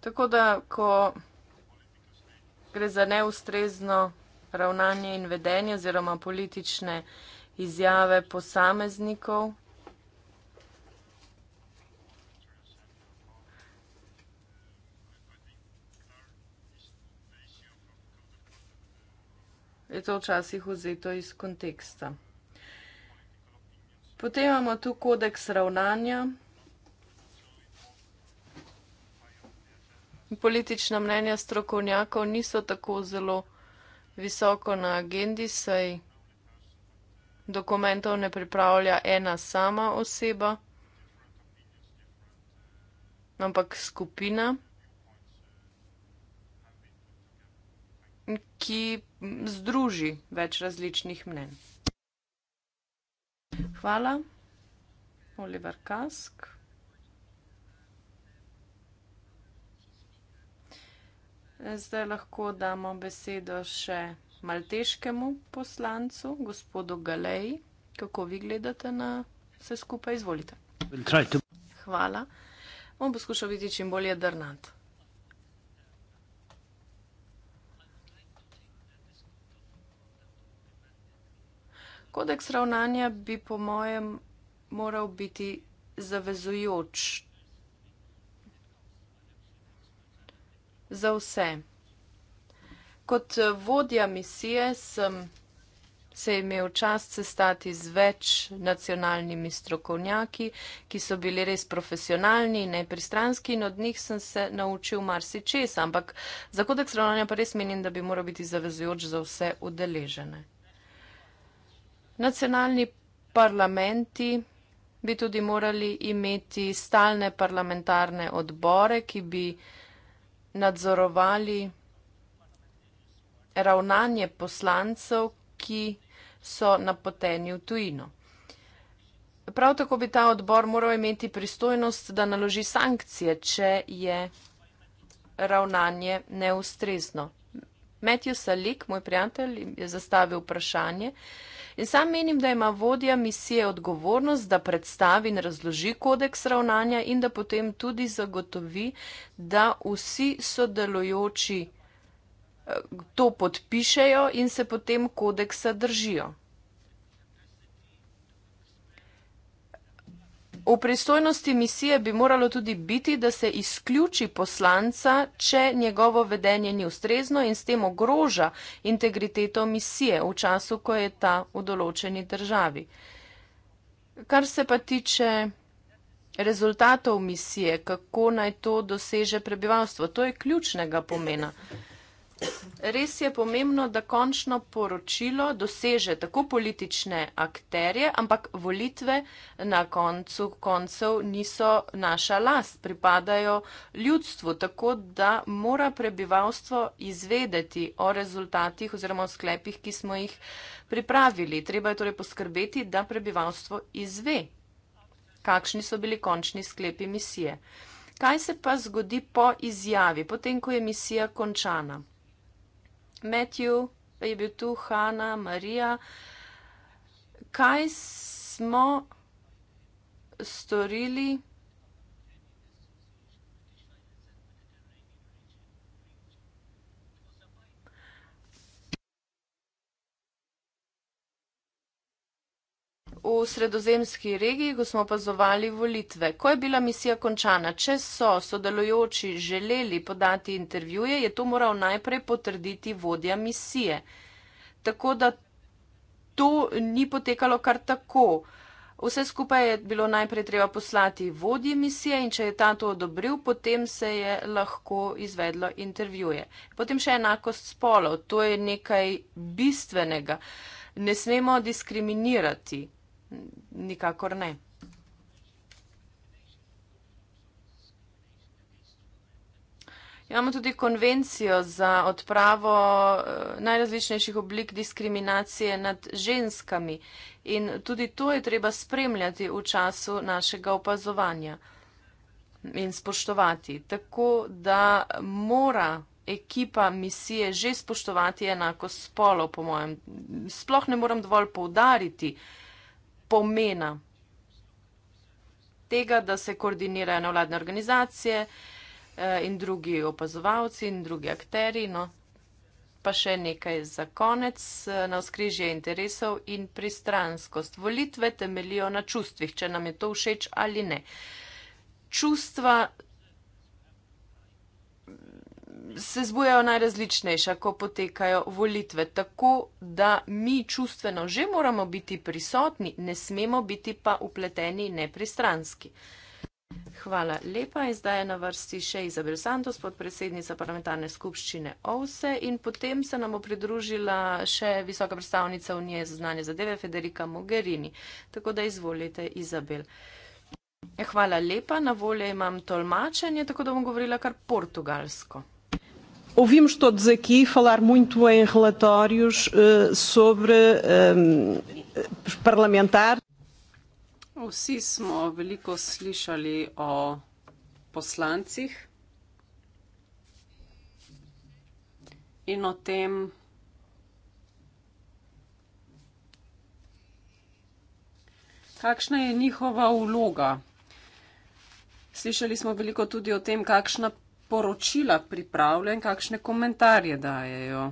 Speaker 3: Tako da, ko gre za neustrezno ravnanje in vedenje oziroma politične izjave posameznikov, je to včasih vzeto iz konteksta. Potem imamo tu kodeks ravnanja. politična mnenja strokovnjakov niso tako zelo visoko na agendi, saj dokumentov ne pripravlja ena sama oseba, ampak skupina, ki združi več različnih mnenj. Hvala, Oliver Kask. Zdaj lahko damo besedo še malteškemu poslancu, gospodu Galeji. Kako vi gledate na vse skupaj? Izvolite. Hvala. Bom poskušal biti čim bolj jedrnat. Kodeks ravnanja bi po mojem moral biti zavezujoč, za vse. Kot eh, vodja misije sem se imel čast sestati z več nacionalnimi strokovnjaki, ki so bili res profesionalni in nepristranski in od njih sem se naučil marsičes, ampak za kodek sravnanja pa res menim, da bi moral biti zavezujoč za vse udeležene. Nacionalni parlamenti bi tudi morali imeti stalne parlamentarne odbore, ki bi nadzorovali ravnanje poslancev, ki so napoteni v tujino. Prav tako bi ta odbor moral imeti pristojnost, da naloži sankcije, če je ravnanje neustrezno. Matthew Salik, moj prijatelj, je zastavil vprašanje, uh, In sam menim, da ima vodja misije odgovornost, da predstavi in razloži kodeks ravnanja in da potem tudi zagotovi, da vsi sodelujoči eh, to podpišejo in se potem kodeksa držijo. v pristojnosti misije bi moralo tudi biti, da se izključi poslanca, če njegovo vedenje ni ustrezno in s tem ogroža integriteto misije v času, ko je ta v določeni državi. Kar se pa tiče rezultatov misije, kako naj to doseže prebivalstvo, to je ključnega pomena. Res je pomembno, da končno poročilo doseže tako politične akterje, ampak volitve na koncu koncev niso naša last, pripadajo ljudstvu, tako da mora prebivalstvo izvedeti o rezultatih oziroma o sklepih, ki smo jih pripravili. Treba je torej poskrbeti, da prebivalstvo izve, kakšni so bili končni sklepi misije. Kaj se pa zgodi po izjavi, potem, ko je misija končana? Matthew, je bil tu Hanna, Marija. Kaj smo storili? v sredozemski regiji, ko smo opazovali volitve. Ko je bila misija končana, če so sodelujoči želeli podati intervjuje, je to moral najprej potrditi vodja misije. Tako da to ni potekalo kar tako. Vse skupaj je bilo najprej treba poslati vodji misije in če je ta to odobril, potem se je lahko izvedlo intervjuje. Potem še enakost spolov, to je nekaj bistvenega. Ne smemo diskriminirati nikakor ne. Ja, imamo tudi konvencijo za odpravo eh, najrazličnejših oblik diskriminacije nad ženskami in tudi to je treba spremljati v času našega opazovanja in spoštovati, tako da mora ekipa misije že spoštovati enako spolo, po mojem. Sploh ne moram dovolj poudariti, pomena tega, da se koordinirajo nevladne organizacije eh, in drugi opazovalci in drugi akteri. No. Pa še nekaj za konec, eh, na skrižje interesov in pristranskost. Volitve temelijo na čustvih, če nam je to všeč ali ne. Čustva se zbujajo najrazličnejša, ko potekajo volitve. Tako da mi čustveno že moramo biti prisotni, ne smemo biti pa upleteni nepristranski. Hvala lepa. In zdaj je na vrsti še Izabel Santos, podpredsednica parlamentarne skupščine OVSE in potem se nam bo pridružila še visoka predstavnica Unije za znanje zadeve Federica Mogherini. Tako da izvolite, Izabel. Hvala lepa. Na volje imam tolmačenje, tako da bom govorila kar portugalsko.
Speaker 2: Ouvimos todos aqui falar muito em relatórios uh, sobre uh, parlamentar. Vsi smo veliko slišali o poslancih in o tem, kakšna je njihova vloga. Slišali smo veliko tudi o tem, kakšna sporočila pripravljen, kakšne komentarje dajejo.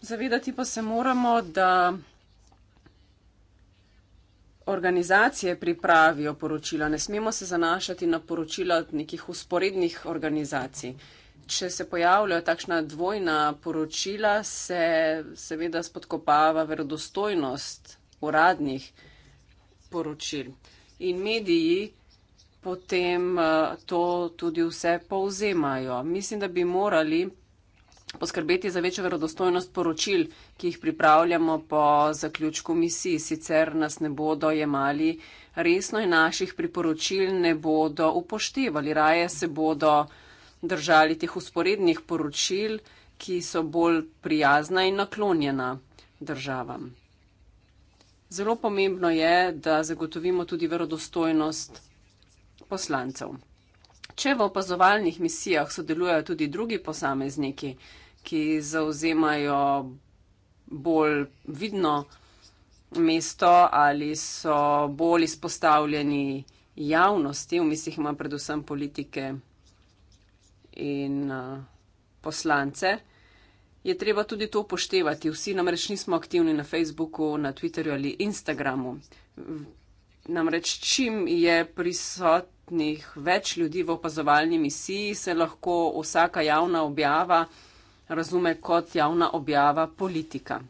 Speaker 2: Zavedati pa se moramo, da organizacije pripravijo poročila. Ne smemo se zanašati na poročila nekih usporednih organizacij. Če se pojavljajo takšna dvojna poročila, se seveda spodkopava verodostojnost uradnih poročil in mediji potem eh, to tudi vse povzemajo. Mislim, da bi morali poskrbeti za večjo verodostojnost poročil, ki jih pripravljamo po zaključku misij. Sicer nas ne bodo jemali resno in naših priporočil ne bodo upoštevali. Raje se bodo držali teh usporednih poročil, ki so bolj prijazna in naklonjena državam. Zelo pomembno je, da zagotovimo tudi verodostojnost poslancev. Če v opazovalnih misijah sodelujejo tudi drugi posamezniki, ki zauzemajo bolj vidno mesto ali so bolj izpostavljeni javnosti, v mislih ima predvsem politike in eh, poslance, je treba tudi to upoštevati. Vsi namreč nismo aktivni na Facebooku, na Twitterju ali Instagramu. Namreč, čim je prisotnih več ljudi v opazovalni misiji, se lahko vsaka javna objava razume kot javna objava politika.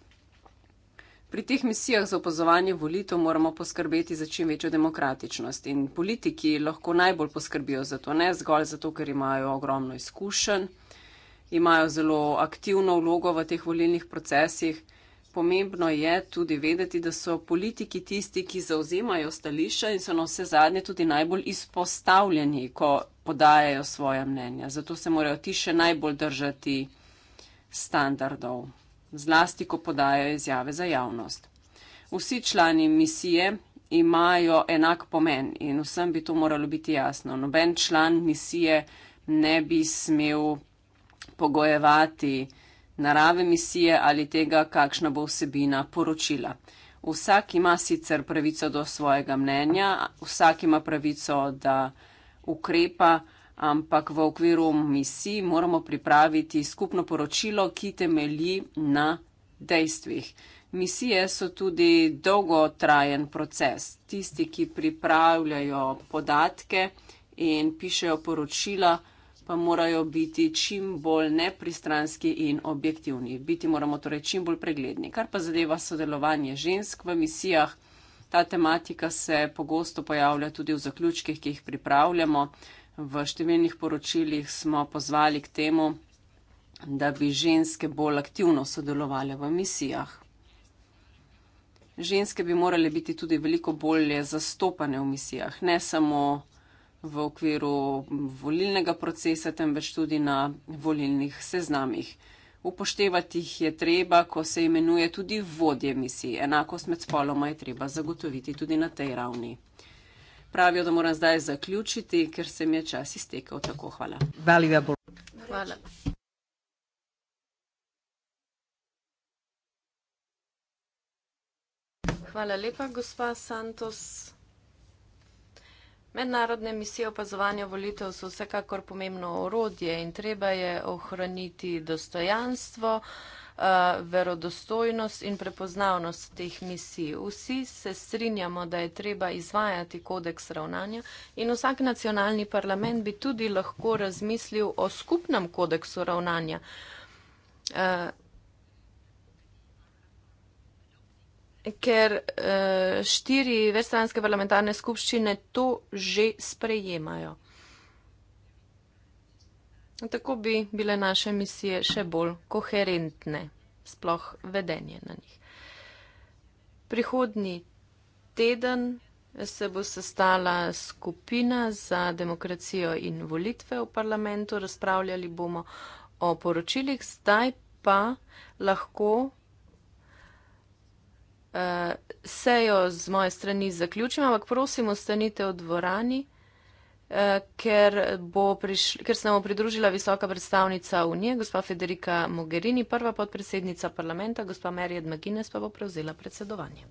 Speaker 2: Pri teh misijah za opazovanje volitev moramo poskrbeti za čim večjo demokratičnost in politiki lahko najbolj poskrbijo za to, ne zgolj zato, ker imajo ogromno izkušenj imajo zelo aktivno vlogo v teh volilnih procesih. Pomembno je tudi vedeti, da so politiki tisti, ki zauzemajo stališča in so na vse zadnje tudi najbolj izpostavljeni, ko podajajo svoja mnenja. Zato se morajo ti še najbolj držati standardov, zlasti, ko podajajo izjave za javnost. Vsi člani misije imajo enak pomen in vsem bi to moralo biti jasno. Noben član misije ne bi smel pogojevati narave misije ali tega, kakšna bo vsebina poročila. Vsak ima sicer pravico do svojega mnenja, vsak ima pravico, da ukrepa, ampak v okviru misij moramo pripraviti skupno poročilo, ki temelji na dejstvih. Misije so tudi dolgotrajen proces. Tisti, ki pripravljajo podatke in pišejo poročila, pa morajo biti čim bolj nepristranski in objektivni. Biti moramo torej čim bolj pregledni. Kar pa zadeva sodelovanje žensk v misijah, ta tematika se pogosto pojavlja tudi v zaključkih, ki jih pripravljamo. V številnih poročilih smo pozvali k temu, da bi ženske bolj aktivno sodelovali v misijah. Ženske bi morale biti tudi veliko bolje zastopane v misijah, ne samo v okviru volilnega procesa, temveč tudi na volilnih seznamih. Upoštevati jih je treba, ko se imenuje tudi vodje misije. Enakost med spoloma je treba zagotoviti tudi na tej ravni. Pravijo, da moram zdaj zaključiti, ker se mi je čas iztekel. Tako, hvala. hvala.
Speaker 3: Hvala lepa, gospa Santos. Mednarodne misije opazovanja volitev so vsekakor pomembno orodje in treba je ohraniti dostojanstvo, eh, verodostojnost in prepoznavnost teh misij. Vsi se strinjamo, da je treba izvajati kodeks ravnanja in vsak nacionalni parlament bi tudi lahko razmislil o skupnem kodeksu ravnanja. Eh, ker uh, štiri večstranske parlamentarne skupščine to že sprejemajo. Tako bi bile naše misije še bolj koherentne, sploh vedenje na njih. Prihodni teden se bo sestala skupina za demokracijo in volitve v parlamentu, razpravljali bomo o poročilih, zdaj pa lahko uh, sejo z moje strani zaključim, ampak prosim, ostanite v dvorani, uh, ker, prišli, ker se nam bo pridružila visoka predstavnica Unije, gospa Federika Mogherini, prva podpredsednica parlamenta, gospa Merjed Maginez pa bo prevzela predsedovanje.